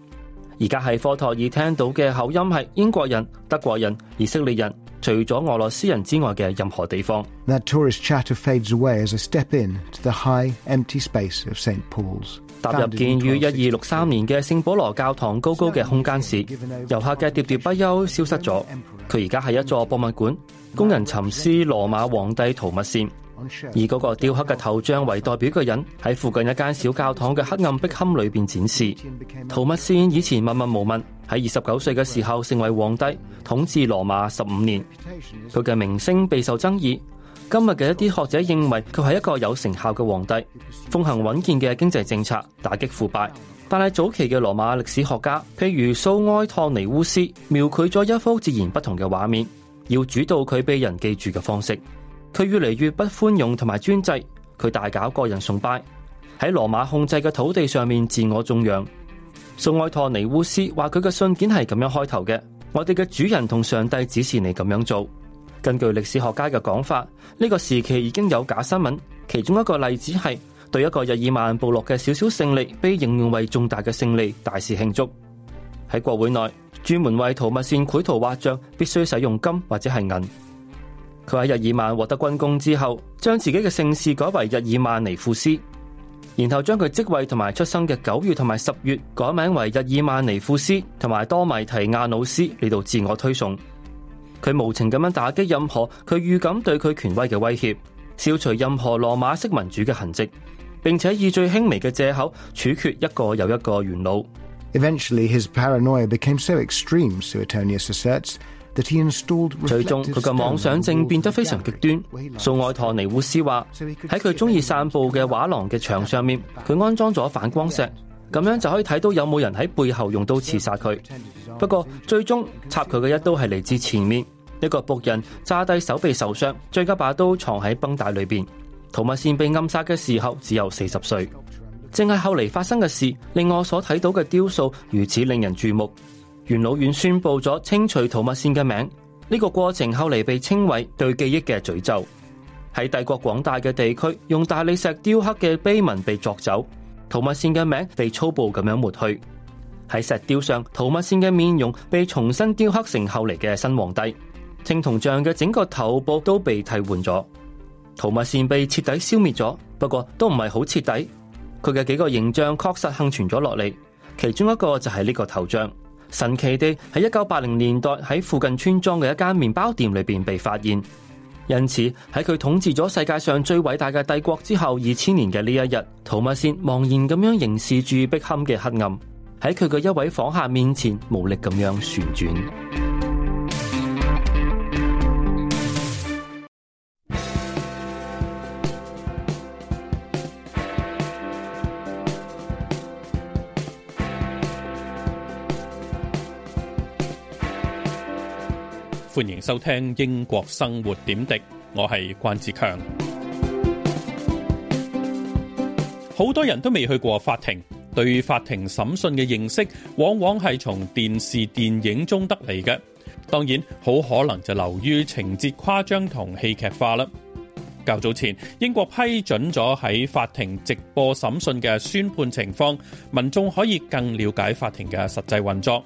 而家係科托爾聽到嘅口音係英國人、德國人、以色列人，除咗俄羅斯人之外嘅任何地方。
That tourist chatter fades away as I step in to the high empty space of Saint Paul's。踏入建
於一二六三年嘅聖保羅教堂高高嘅空間時，遊客嘅喋喋不休消失咗。佢而家係一座博物館，工人沉思。羅馬皇帝圖密善，以嗰個雕刻嘅頭像為代表嘅人，喺附近一間小教堂嘅黑暗壁龕裏邊展示。圖密善以前默默無聞，喺二十九歲嘅時候成為皇帝，統治羅馬十五年。佢嘅名聲備受爭議。今日嘅一啲學者認為佢係一個有成效嘅皇帝，奉行穩健嘅經濟政策，打擊腐敗。但係早期嘅羅馬歷史學家，譬如蘇埃托尼烏斯，描繪咗一幅截然不同嘅畫面。要主導佢被人記住嘅方式，佢越嚟越不寬容同埋專制，佢大搞個人崇拜，喺羅馬控制嘅土地上面自我頌揚。蘇埃托尼烏斯話：佢嘅信件係咁樣開頭嘅，我哋嘅主人同上帝指示你咁樣做。根據歷史學家嘅講法，呢個時期已經有假新聞。其中一個例子係對一個日耳曼部落嘅小小勝利，被應用為重大嘅勝利，大肆慶祝。喺國會內，專門為圖密善繪圖畫像，必須使用金或者係銀。佢喺日耳曼獲得軍功之後，將自己嘅姓氏改為日耳曼尼庫斯，然後將佢職位同埋出生嘅九月同埋十月改名為日耳曼尼庫斯同埋多米提亞努斯嚟到自我推送。佢無情咁樣打擊任何佢預感對佢權威嘅威脅，消除任何羅馬式民主嘅痕迹，並且以最輕微嘅借口處決一個又
一個元老。最終，佢嘅妄想
症變得非常極端。蘇埃托尼烏斯話：喺佢中意散步嘅畫廊嘅牆上面，佢安裝咗反光石，咁樣就可以睇到有冇人喺背後用刀刺殺佢。不過最終插佢嘅一刀係嚟自前面。一個僕人詐諦手臂受傷，再加把刀藏喺繃帶裏邊。陶物線被暗殺嘅時候只有四十歲，正係後嚟發生嘅事令我所睇到嘅雕塑如此令人注目。元老院宣佈咗清除陶物線嘅名，呢、這個過程後嚟被稱為對記憶嘅詛咒。喺帝國廣大嘅地區，用大理石雕刻嘅碑文被鑿走，陶物線嘅名被粗暴咁樣抹去。喺石雕上，陶物線嘅面容被重新雕刻成後嚟嘅新皇帝。青銅像嘅整個頭部都被替換咗，圖密善被徹底消滅咗，不過都唔係好徹底。佢嘅幾個形象確實幸存咗落嚟，其中一個就係呢個頭像。神奇地喺一九八零年代喺附近村莊嘅一間麵包店裏邊被發現。因此喺佢統治咗世界上最偉大嘅帝國之後二千年嘅呢一日，圖密善茫然咁樣凝視住壁龕嘅黑暗，喺佢嘅一位訪客面前無力咁樣旋轉。
歡迎收聽英國生活點滴，我係關志強。好多人都未去過法庭，對法庭審訊嘅認識，往往係從電視、電影中得嚟嘅。當然，好可能就流於情節誇張同戲劇化啦。較早前，英國批准咗喺法庭直播審訊嘅宣判情況，民眾可以更了解法庭嘅實際運作。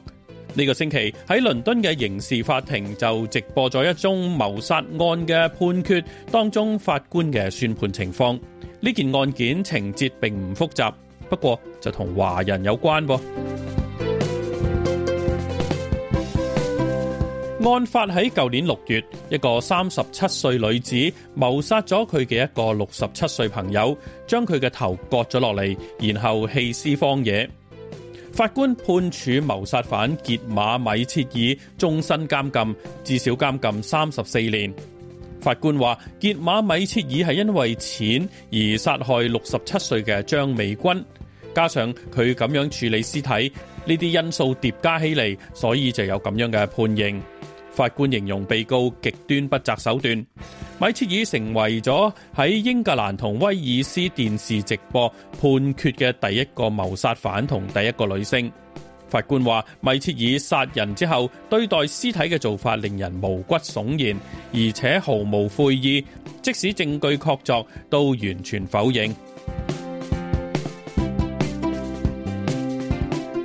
呢個星期喺倫敦嘅刑事法庭就直播咗一宗謀殺案嘅判決當中法官嘅宣判情況。呢件案件情節並唔複雜，不過就同華人有關。 案發喺舊年六月，一個三十七歲女子謀殺咗佢嘅一個六十七歲朋友，將佢嘅頭割咗落嚟，然後棄屍荒野。法官判處謀殺犯傑馬米切爾終身監禁，至少監禁三十四年。法官話：傑馬米切爾係因為錢而殺害六十七歲嘅張美君，加上佢咁樣處理屍體，呢啲因素疊加起嚟，所以就有咁樣嘅判刑。法官形容被告極端不擇手段。米切爾成為咗喺英格蘭同威爾斯電視直播判決嘅第一個謀殺犯同第一個女性。法官話：米切爾殺人之後，對待屍體嘅做法令人毛骨悚然，而且毫無悔意，即使證據確鑿，都完全否認。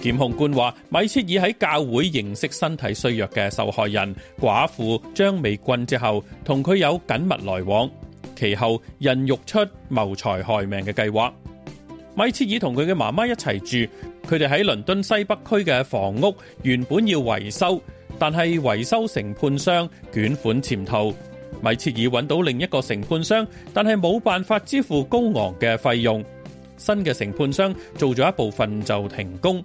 檢控官話：米切爾喺教會認識身體衰弱嘅受害人寡婦張美君之後，同佢有緊密來往。其後孕育出謀財害命嘅計劃。米切爾同佢嘅媽媽一齊住，佢哋喺倫敦西北區嘅房屋原本要維修，但係維修承判商捲款潛逃。米切爾揾到另一個承判商，但係冇辦法支付高昂嘅費用。新嘅承判商做咗一部分就停工。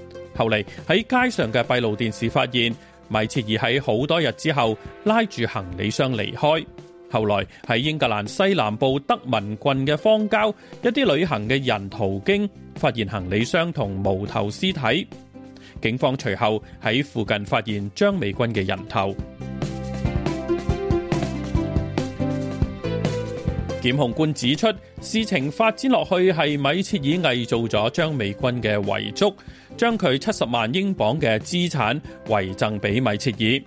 後嚟喺街上嘅閉路電視發現米切爾喺好多日之後拉住行李箱離開。後來喺英格蘭西南部德文郡嘅荒郊，一啲旅行嘅人途經發現行李箱同無頭屍體。警方隨後喺附近發現張美君嘅人頭。檢 控官，指出，事情發展落去係米切爾偽造咗張美君嘅遺囑。將佢七十萬英鎊嘅資產遺贈俾米切爾。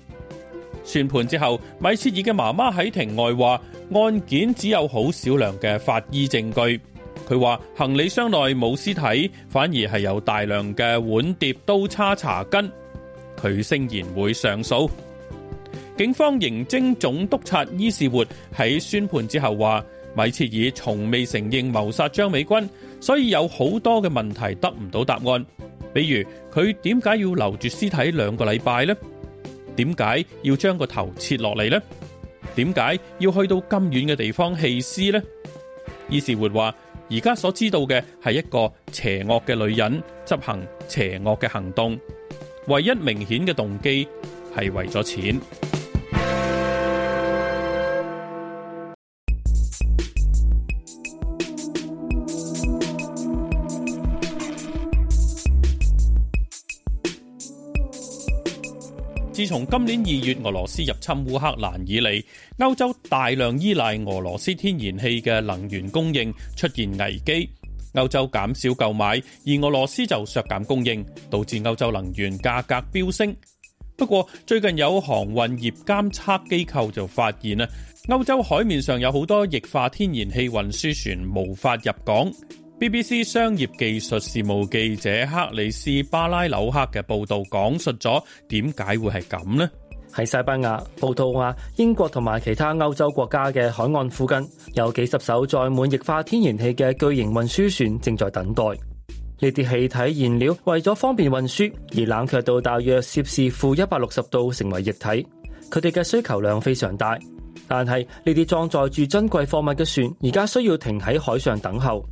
宣判之後，米切爾嘅媽媽喺庭外話，案件只有好少量嘅法醫證據。佢話行李箱內冇屍體，反而係有大量嘅碗碟、刀叉、茶巾。佢聲言會上訴。警方刑偵總督察伊士活喺宣判之後話，米切爾從未承認謀殺張美君，所以有好多嘅問題得唔到答案。比如佢點解要留住屍體兩個禮拜呢？點解要將個頭切落嚟呢？點解要去到咁遠嘅地方棄屍呢？伊士活話，而家所知道嘅係一個邪惡嘅女人執行邪惡嘅行動，唯一明顯嘅動機係為咗錢。自從今年二月俄羅斯入侵烏克蘭以嚟，歐洲大量依賴俄羅斯天然氣嘅能源供應出現危機。歐洲減少購買，而俄羅斯就削減供應，導致歐洲能源價格飆升。不過，最近有航運業監測機構就發現啦，歐洲海面上有好多液化天然氣運輸船無法入港。BBC 商業技術事務記者克里斯巴拉紐克嘅報道講述咗點
解會係咁呢？喺西班牙報道話，英國同埋其他歐洲國家嘅海岸附近有幾十艘載滿液化天然氣嘅巨型運輸船正在等待。呢啲氣體燃料為咗方便運輸而冷卻到大約攝氏負一百六十度，成為液體。佢哋嘅需求量非常大，但係呢啲裝載住珍貴貨物嘅船而家需要停喺海上等候。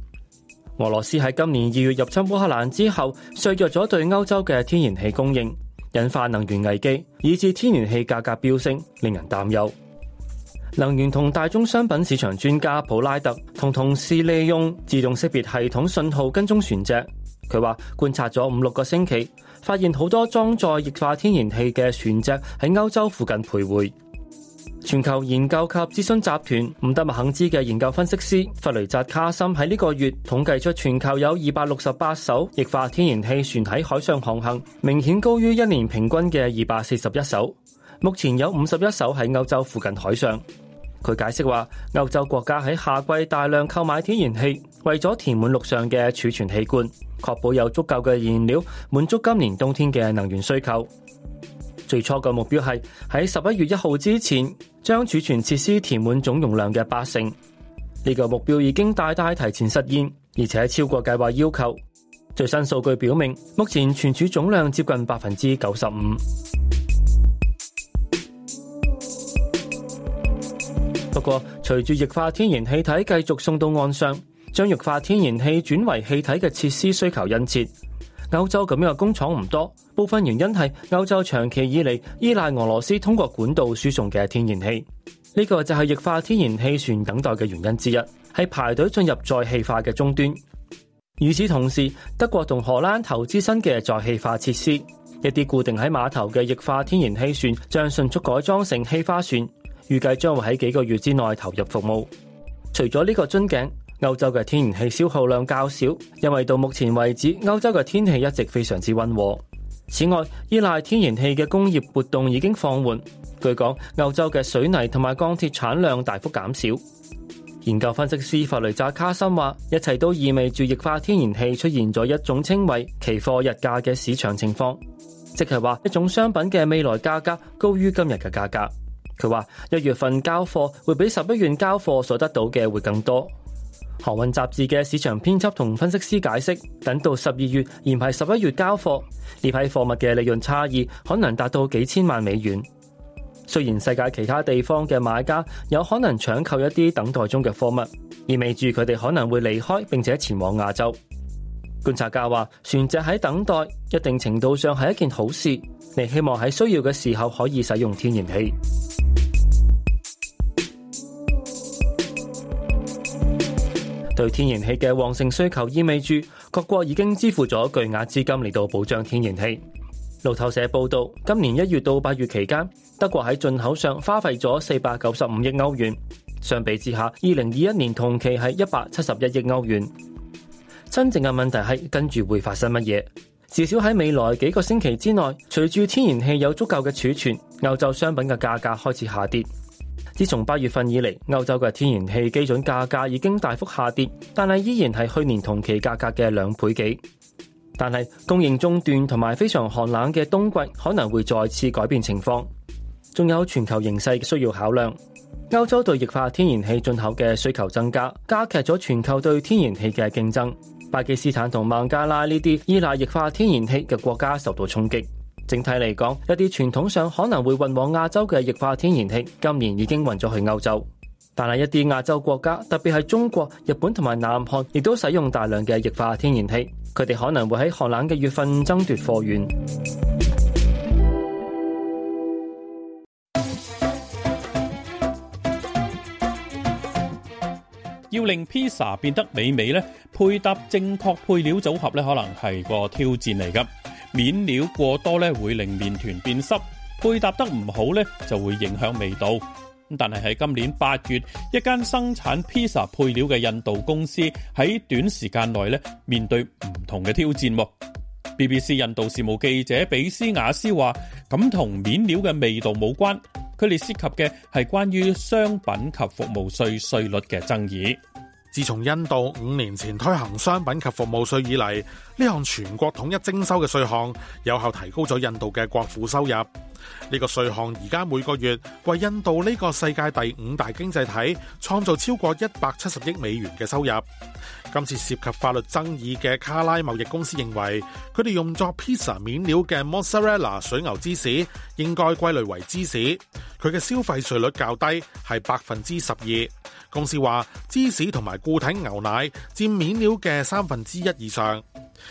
俄羅斯喺今年二月入侵烏克蘭之後，削弱咗對歐洲嘅天然氣供應，引發能源危機，以致天然氣價格飆升，令人擔憂。能源同大宗商品市場專家普拉特同同事利用自動識別系統信號跟蹤船隻，佢話觀察咗五、六個星期，發現好多裝載液化天然氣嘅船隻喺歐洲附近徘徊。全球研究及諮詢集團伍德麥肯茲嘅研究分析師，弗雷扎卡森喺呢個月統計出全球有二百六十八艘液化天然氣船喺海上航行，明顯高於一年平均嘅二百四十一艘。目前有五十一艘喺歐洲附近海上。佢解釋話，歐洲國家喺夏季大量購買天然氣，為咗填滿陸上嘅儲存氣罐，確保有足夠嘅燃料滿足今年冬天嘅能源需求。最初嘅目標係喺十一月一號之前將儲存設施填滿總容量嘅八成，呢個目標已經大大提前實現，而且超過計劃要求。最新數據表明，目前存儲總量接近百分之九十五。不過，隨住液化天然氣體繼續送到岸上，將液化天然氣轉為氣體嘅設施需求殷切。歐洲咁樣嘅工廠唔多，部分原因係歐洲長期以嚟依賴俄羅斯通過管道輸送嘅天然氣，呢、這個就係液化天然氣船等待嘅原因之一，係排隊進入再氣化嘅終端。與此同時，德國同荷蘭投資新嘅再氣化設施，一啲固定喺碼頭嘅液化天然氣船將迅速改裝成氣化船，預計將會喺幾個月之內投入服務。除咗呢個樽頸。歐洲嘅天然氣消耗量較少，因為到目前為止，歐洲嘅天氣一直非常之溫和。此外，依賴天然氣嘅工業活動已經放緩。據講，歐洲嘅水泥同埋鋼鐵產量大幅減少。研究分析師法雷扎卡森話：一切都意味住液化天然氣出現咗一種稱為期貨日價嘅市場情況，即係話一種商品嘅未來價格高於今日嘅價格。佢話一月份交貨會比十一月交貨所得到嘅會更多。航運雜誌嘅市場編輯同分析師解釋，等到十二月而唔係十一月交貨，呢批貨物嘅利潤差異可能達到幾千萬美元。雖然世界其他地方嘅買家有可能搶購一啲等待中嘅貨物，意味住佢哋可能會離開，並且前往亞洲。觀察家話，船隻喺等待，一定程度上係一件好事，你希望喺需要嘅時候可以使用天然氣。對天然氣嘅旺盛需求意味住各國已經支付咗巨額資金嚟到保障天然氣。路透社報道，今年一月到八月期間，德國喺進口上花費咗四百九十五億歐元，相比之下，二零二一年同期係一百七十一億歐元。真正嘅問題係跟住會發生乜嘢？至少喺未來幾個星期之內，隨住天然氣有足夠嘅儲存，歐洲商品嘅價格開始下跌。自從八月份以嚟，歐洲嘅天然氣基準價格已經大幅下跌，但係依然係去年同期價格嘅兩倍幾。但係供應中斷同埋非常寒冷嘅冬季可能會再次改變情況。仲有全球形勢需要考量，歐洲對液化天然氣進口嘅需求增加，加劇咗全球對天然氣嘅競爭。巴基斯坦同孟加拉呢啲依賴液化天然氣嘅國家受到衝擊。整體嚟講，一啲傳統上可能會運往亞洲嘅液化天然氣，今年已經運咗去歐洲。但係一啲亞洲國家，特別係中國、日本同埋南韓，亦都使用大量嘅液化天然氣，佢哋可能會喺寒冷嘅月份爭奪貨源。
要令披薩變得美美咧，配搭正確配料組合咧，可能係個挑戰嚟噶。面料過多咧，會令麵團變濕；配搭得唔好咧，就會影響味道。但係喺今年八月，一間生產披薩配料嘅印度公司喺短時間內咧，面對唔同嘅挑戰。BBC 印度事務記者比斯瓦斯話：咁同面料嘅味道冇關，佢哋涉及嘅係關於商品及服務
稅稅率嘅爭議。自從印度五年前推行商品及服務稅以嚟，呢項全國統一徵收嘅稅項，有效提高咗印度嘅國庫收入。呢、這個稅項而家每個月為印度呢個世界第五大經濟體創造超過一百七十億美元嘅收入。今次涉及法律爭議嘅卡拉貿易公司認為，佢哋用作披薩面料嘅莫薩雷拉水牛芝士應該歸類為芝士。佢嘅消費稅率較低，係百分之十二。公司話芝士同埋固體牛奶佔面料嘅三分之一以上，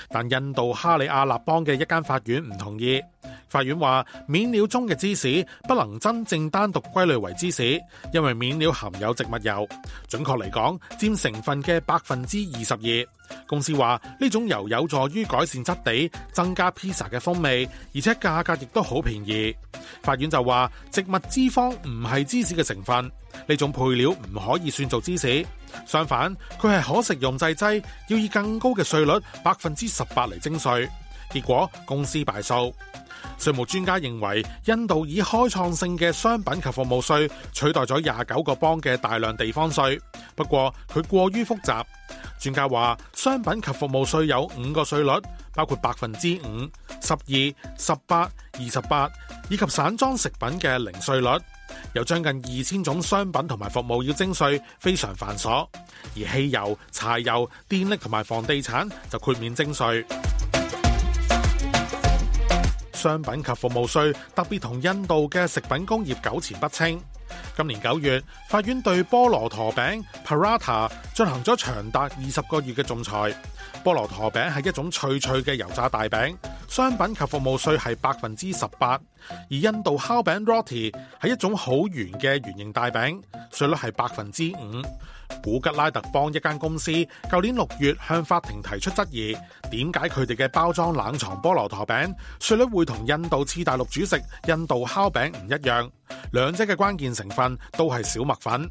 但印度哈里亞納邦嘅一間法院唔同意。法院話，免料中嘅芝士不能真正單獨歸類為芝士，因為免料含有植物油，準確嚟講佔成分嘅百分之二十二。公司話呢種油有助於改善質地，增加披 i 嘅風味，而且價格亦都好便宜。法院就話植物脂肪唔係芝士嘅成分，呢種配料唔可以算做芝士，相反佢係可食用製劑，要以更高嘅稅率百分之十八嚟徵稅。結果公司敗訴。稅務專家認為，印度以開創性嘅商品及服務稅取代咗廿九個邦嘅大量地方稅，不過佢過於複雜。專家話，商品及服務稅有五個稅率，包括百分之五、十二、十八、二十八以及散裝食品嘅零稅率，有將近二千種商品同埋服務要徵稅，非常繁瑣。而汽油、柴油、電力同埋房地產就豁免徵稅。商品及服務稅特別同印度嘅食品工業糾纏不清。今年九月，法院對菠蘿陀餅 （Paratha） 進行咗長達二十個月嘅仲裁。菠蘿陀餅係一種脆脆嘅油炸大餅，商品及服務稅係百分之十八；而印度烤餅 （Roti） 係一種好圓嘅圓形大餅，稅率係百分之五。古吉拉特邦一間公司，舊年六月向法庭提出質疑，點解佢哋嘅包裝冷藏菠蘿陀餅稅率會同印度次大陸主食印度烤餅唔一樣？兩者嘅關鍵成分都係小麥粉。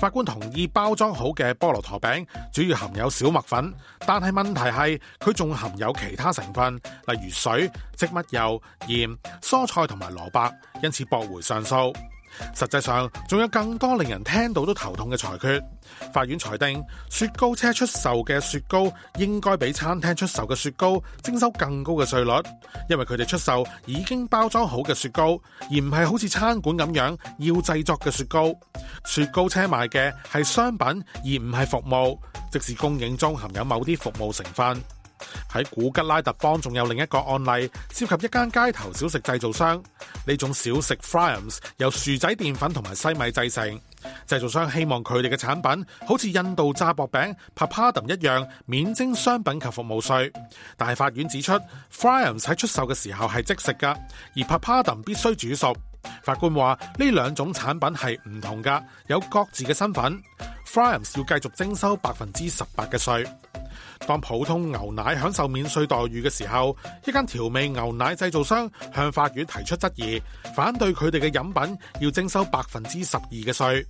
法官同意包裝好嘅菠蘿陀餅主要含有小麥粉，但係問題係佢仲含有其他成分，例如水、植物油、鹽、蔬菜同埋蘿蔔，因此駁回上訴。實際上，仲有更多令人聽到都頭痛嘅裁決。法院裁定，雪糕車出售嘅雪糕應該比餐廳出售嘅雪糕徵收更高嘅稅率，因為佢哋出售已經包裝好嘅雪糕，而唔係好似餐館咁樣要製作嘅雪糕。雪糕車賣嘅係商品，而唔係服務，即使供應中含有某啲服務成分。喺古吉拉特邦仲有另一個案例，涉及一間街頭小食製造商。呢種小食 Fryams 由薯仔澱粉同埋西米製成。製造商希望佢哋嘅產品好似印度炸薄餅 Papadum 一樣免徵商品及服務稅。但係法院指出，Fryams 喺出售嘅時候係即食噶，而 Papadum 必須煮熟。法官話呢兩種產品係唔同噶，有各自嘅身份。Fryams 要繼續徵收百分之十八嘅稅。當普通牛奶享受免稅待遇嘅時候，一間調味牛奶製造商向法院提出質疑，反對佢哋嘅飲品要徵收百分之十二嘅稅。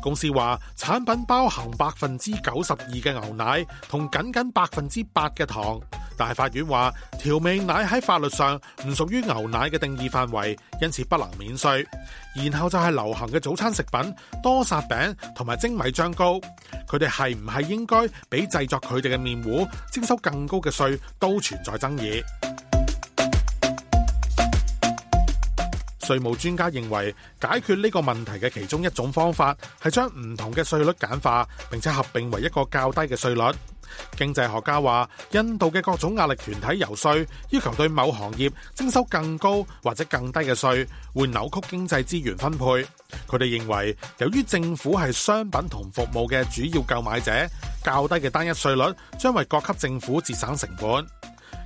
公司話產品包含百分之九十二嘅牛奶同僅僅百分之八嘅糖，但係法院話調味奶喺法律上唔屬於牛奶嘅定義範圍，因此不能免稅。然後就係流行嘅早餐食品多薩餅同埋精米漿糕，佢哋係唔係應該畀製作佢哋嘅麵糊徵收更高嘅稅都存在爭議。稅務專家認為，解決呢個問題嘅其中一種方法係將唔同嘅稅率簡化，並且合併為一個較低嘅稅率。經濟學家話，印度嘅各種壓力團體遊說，要求對某行業徵收更高或者更低嘅稅，會扭曲經濟資源分配。佢哋認為，由於政府係商品同服務嘅主要購買者，較低嘅單一稅率將為各級政府節省成本。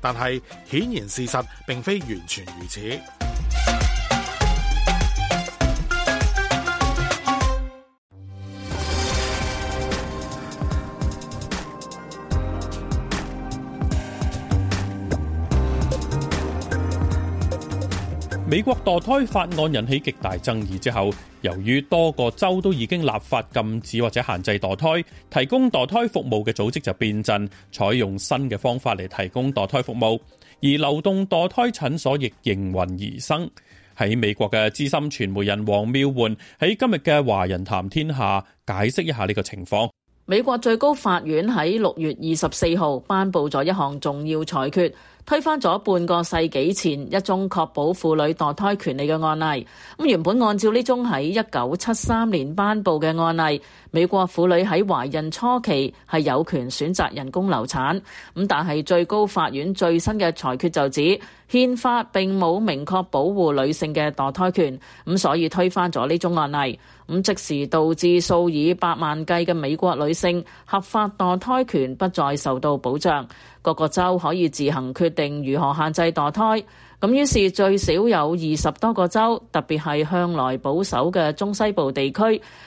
但係顯然事實並非完全如此。
美國墮胎法案引起極大爭議之後，由於多個州都已經立法禁止或者限制墮胎，提供墮胎服務嘅組織就變陣，採用新嘅方法嚟提供墮胎服務，而流動墮胎診所亦應運而生。喺美國嘅資深傳媒人黃妙煥喺今日嘅《華人談天下》解釋一下呢個情況。
美國最高法院喺六月二十四號頒布咗一項重要裁決。推翻咗半個世紀前一宗確保婦女墮胎權利嘅案例。咁原本按照呢宗喺一九七三年頒布嘅案例，美國婦女喺懷孕初期係有權選擇人工流產，咁但係最高法院最新嘅裁決就指憲法並冇明確保護女性嘅墮胎權，咁所以推翻咗呢種案例，咁即時導致數以百萬計嘅美國女性合法墮胎權不再受到保障。各個州可以自行決定如何限制墮胎。咁於是最少有二十多個州，特別係向來保守嘅中西部地區，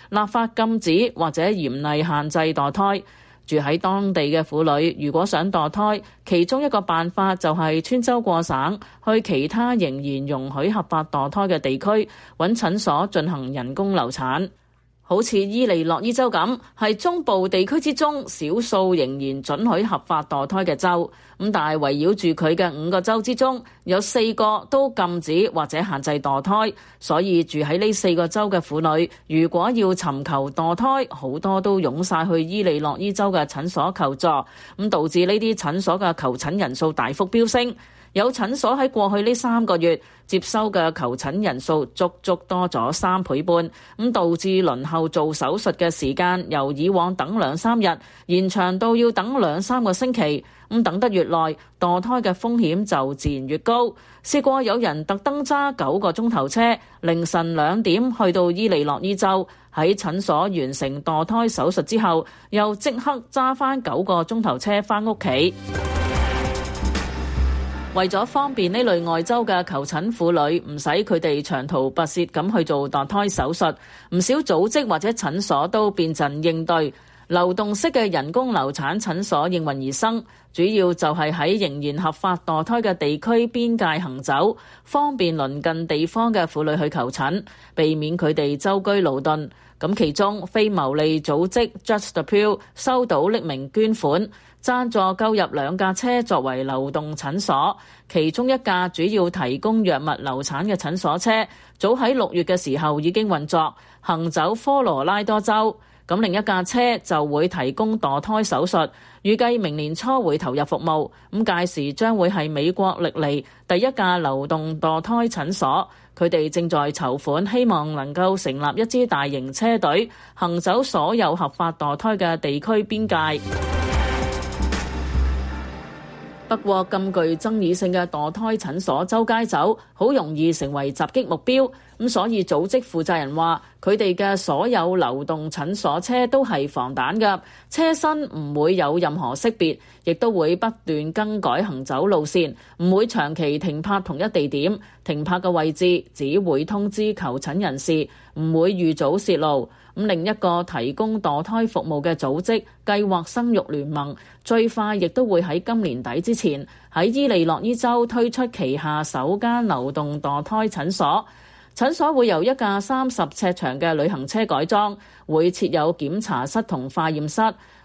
立法禁止或者嚴厲限制墮胎。住喺當地嘅婦女如果想墮胎，其中一個辦法就係穿州過省，去其他仍然容許合法墮胎嘅地區揾診所進行人工流產。好似伊利諾伊州咁，係中部地區之中少數仍然准許合法墮胎嘅州咁，但係圍繞住佢嘅五個州之中，有四個都禁止或者限制墮胎，所以住喺呢四個州嘅婦女，如果要尋求墮胎，好多都湧晒去伊利諾伊州嘅診所求助，咁導致呢啲診所嘅求診人數大幅飆升。有診所喺過去呢三個月接收嘅求診人數足足多咗三倍半，咁導致輪候做手術嘅時間由以往等兩三日延長到要等兩三個星期。咁等得越耐，墮胎嘅風險就自然越高。試過有人特登揸九個鐘頭車，凌晨兩點去到伊利諾伊州喺診所完成墮胎手術之後，又即刻揸翻九個鐘頭車翻屋企。為咗方便呢類外州嘅求診婦女，唔使佢哋長途跋涉咁去做墮胎手術，唔少組織或者診所都變陣應對，流動式嘅人工流產診所應運而生，主要就係喺仍然合法墮胎嘅地區邊界行走，方便鄰近地方嘅婦女去求診，避免佢哋舟車勞頓。咁其中非牟利組織 Just the Pill 收到匿名捐款，贊助購入兩架車作為流動診所，其中一架主要提供藥物流產嘅診所車，早喺六月嘅時候已經運作，行走科羅拉多州。咁另一架車就會提供墮胎手術，預計明年初會投入服務。咁屆時將會係美國歷來第一架流動墮胎診所。佢哋正在籌款，希望能夠成立一支大型車隊，行走所有合法墮胎嘅地區邊界。 不過，咁具爭議性嘅墮胎診所周街走，好容易成為襲擊目標。咁所以，組織負責人話：佢哋嘅所有流動診所車都係防彈㗎，車身唔會有任何識別，亦都會不斷更改行走路線，唔會長期停泊同一地點。停泊嘅位置只會通知求診人士，唔會預早泄露。咁另一個提供墮胎服務嘅組織，計劃生育聯盟，最快亦都會喺今年底之前喺伊利諾伊州推出旗下首間流動墮胎診所。診所會由一架三十尺長嘅旅行車改裝，會設有檢查室同化驗室。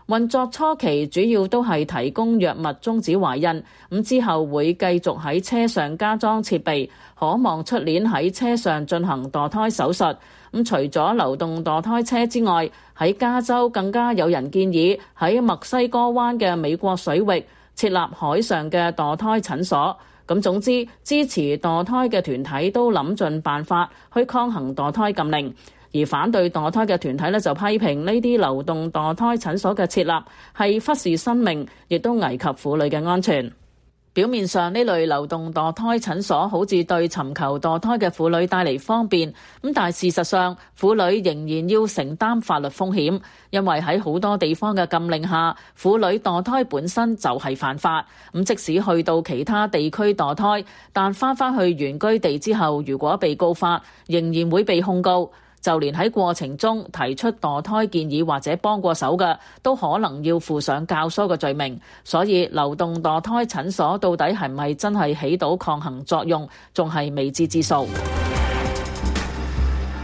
運作初期主要都係提供藥物中止懷孕，咁之後會繼續喺車上加裝設備，可望出年喺車上進行墮胎手術。咁除咗流動墮胎車之外，喺加州更加有人建議喺墨西哥灣嘅美國水域設立海上嘅墮胎診所。咁總之，支持墮胎嘅團體都諗盡辦法去抗衡墮胎禁令，而反對墮胎嘅團體呢，就批評呢啲流動墮胎診所嘅設立係忽視生命，亦都危及婦女嘅安全。表面上呢類流動墮胎診所好似對尋求墮胎嘅婦女帶嚟方便，咁但係事實上，婦女仍然要承擔法律風險，因為喺好多地方嘅禁令下，婦女墮胎本身就係犯法。咁即使去到其他地區墮胎，但翻返去原居地之後，如果被告發，仍然會被控告。就連喺過程中提出墮胎建議或者幫過手嘅，都可能要負上教唆嘅罪名。所以流動墮胎診所到底係唔係真係起到抗衡作用，仲係未知之數。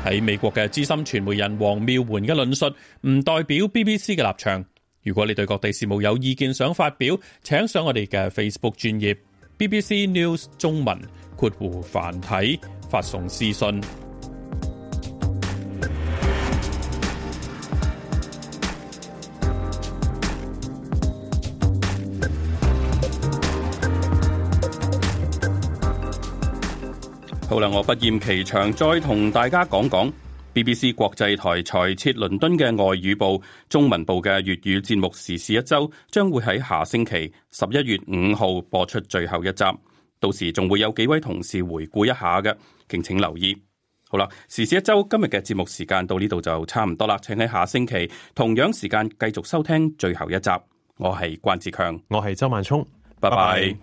喺美國嘅資深傳媒人黃妙媛嘅論述，唔代表 BBC 嘅立場。如果你對各地事務有意見想發表，請上我哋嘅 Facebook 專頁。BBC News 中文括弧繁體發送私信。好啦，我不厭其詳，再同大家講講 BBC 國際台裁撤倫敦嘅外語部中文部嘅粵語節目時事一周，將會喺下星期十一月五號播出最後一集。到時仲會有幾位同事回顧一下嘅，敬請留意。好啦，時事一周今日嘅節目時間到呢度就差唔多啦，請喺下星期同樣時間繼續收聽最後一集。我係關志強，我係周萬聰，bye bye. 拜拜。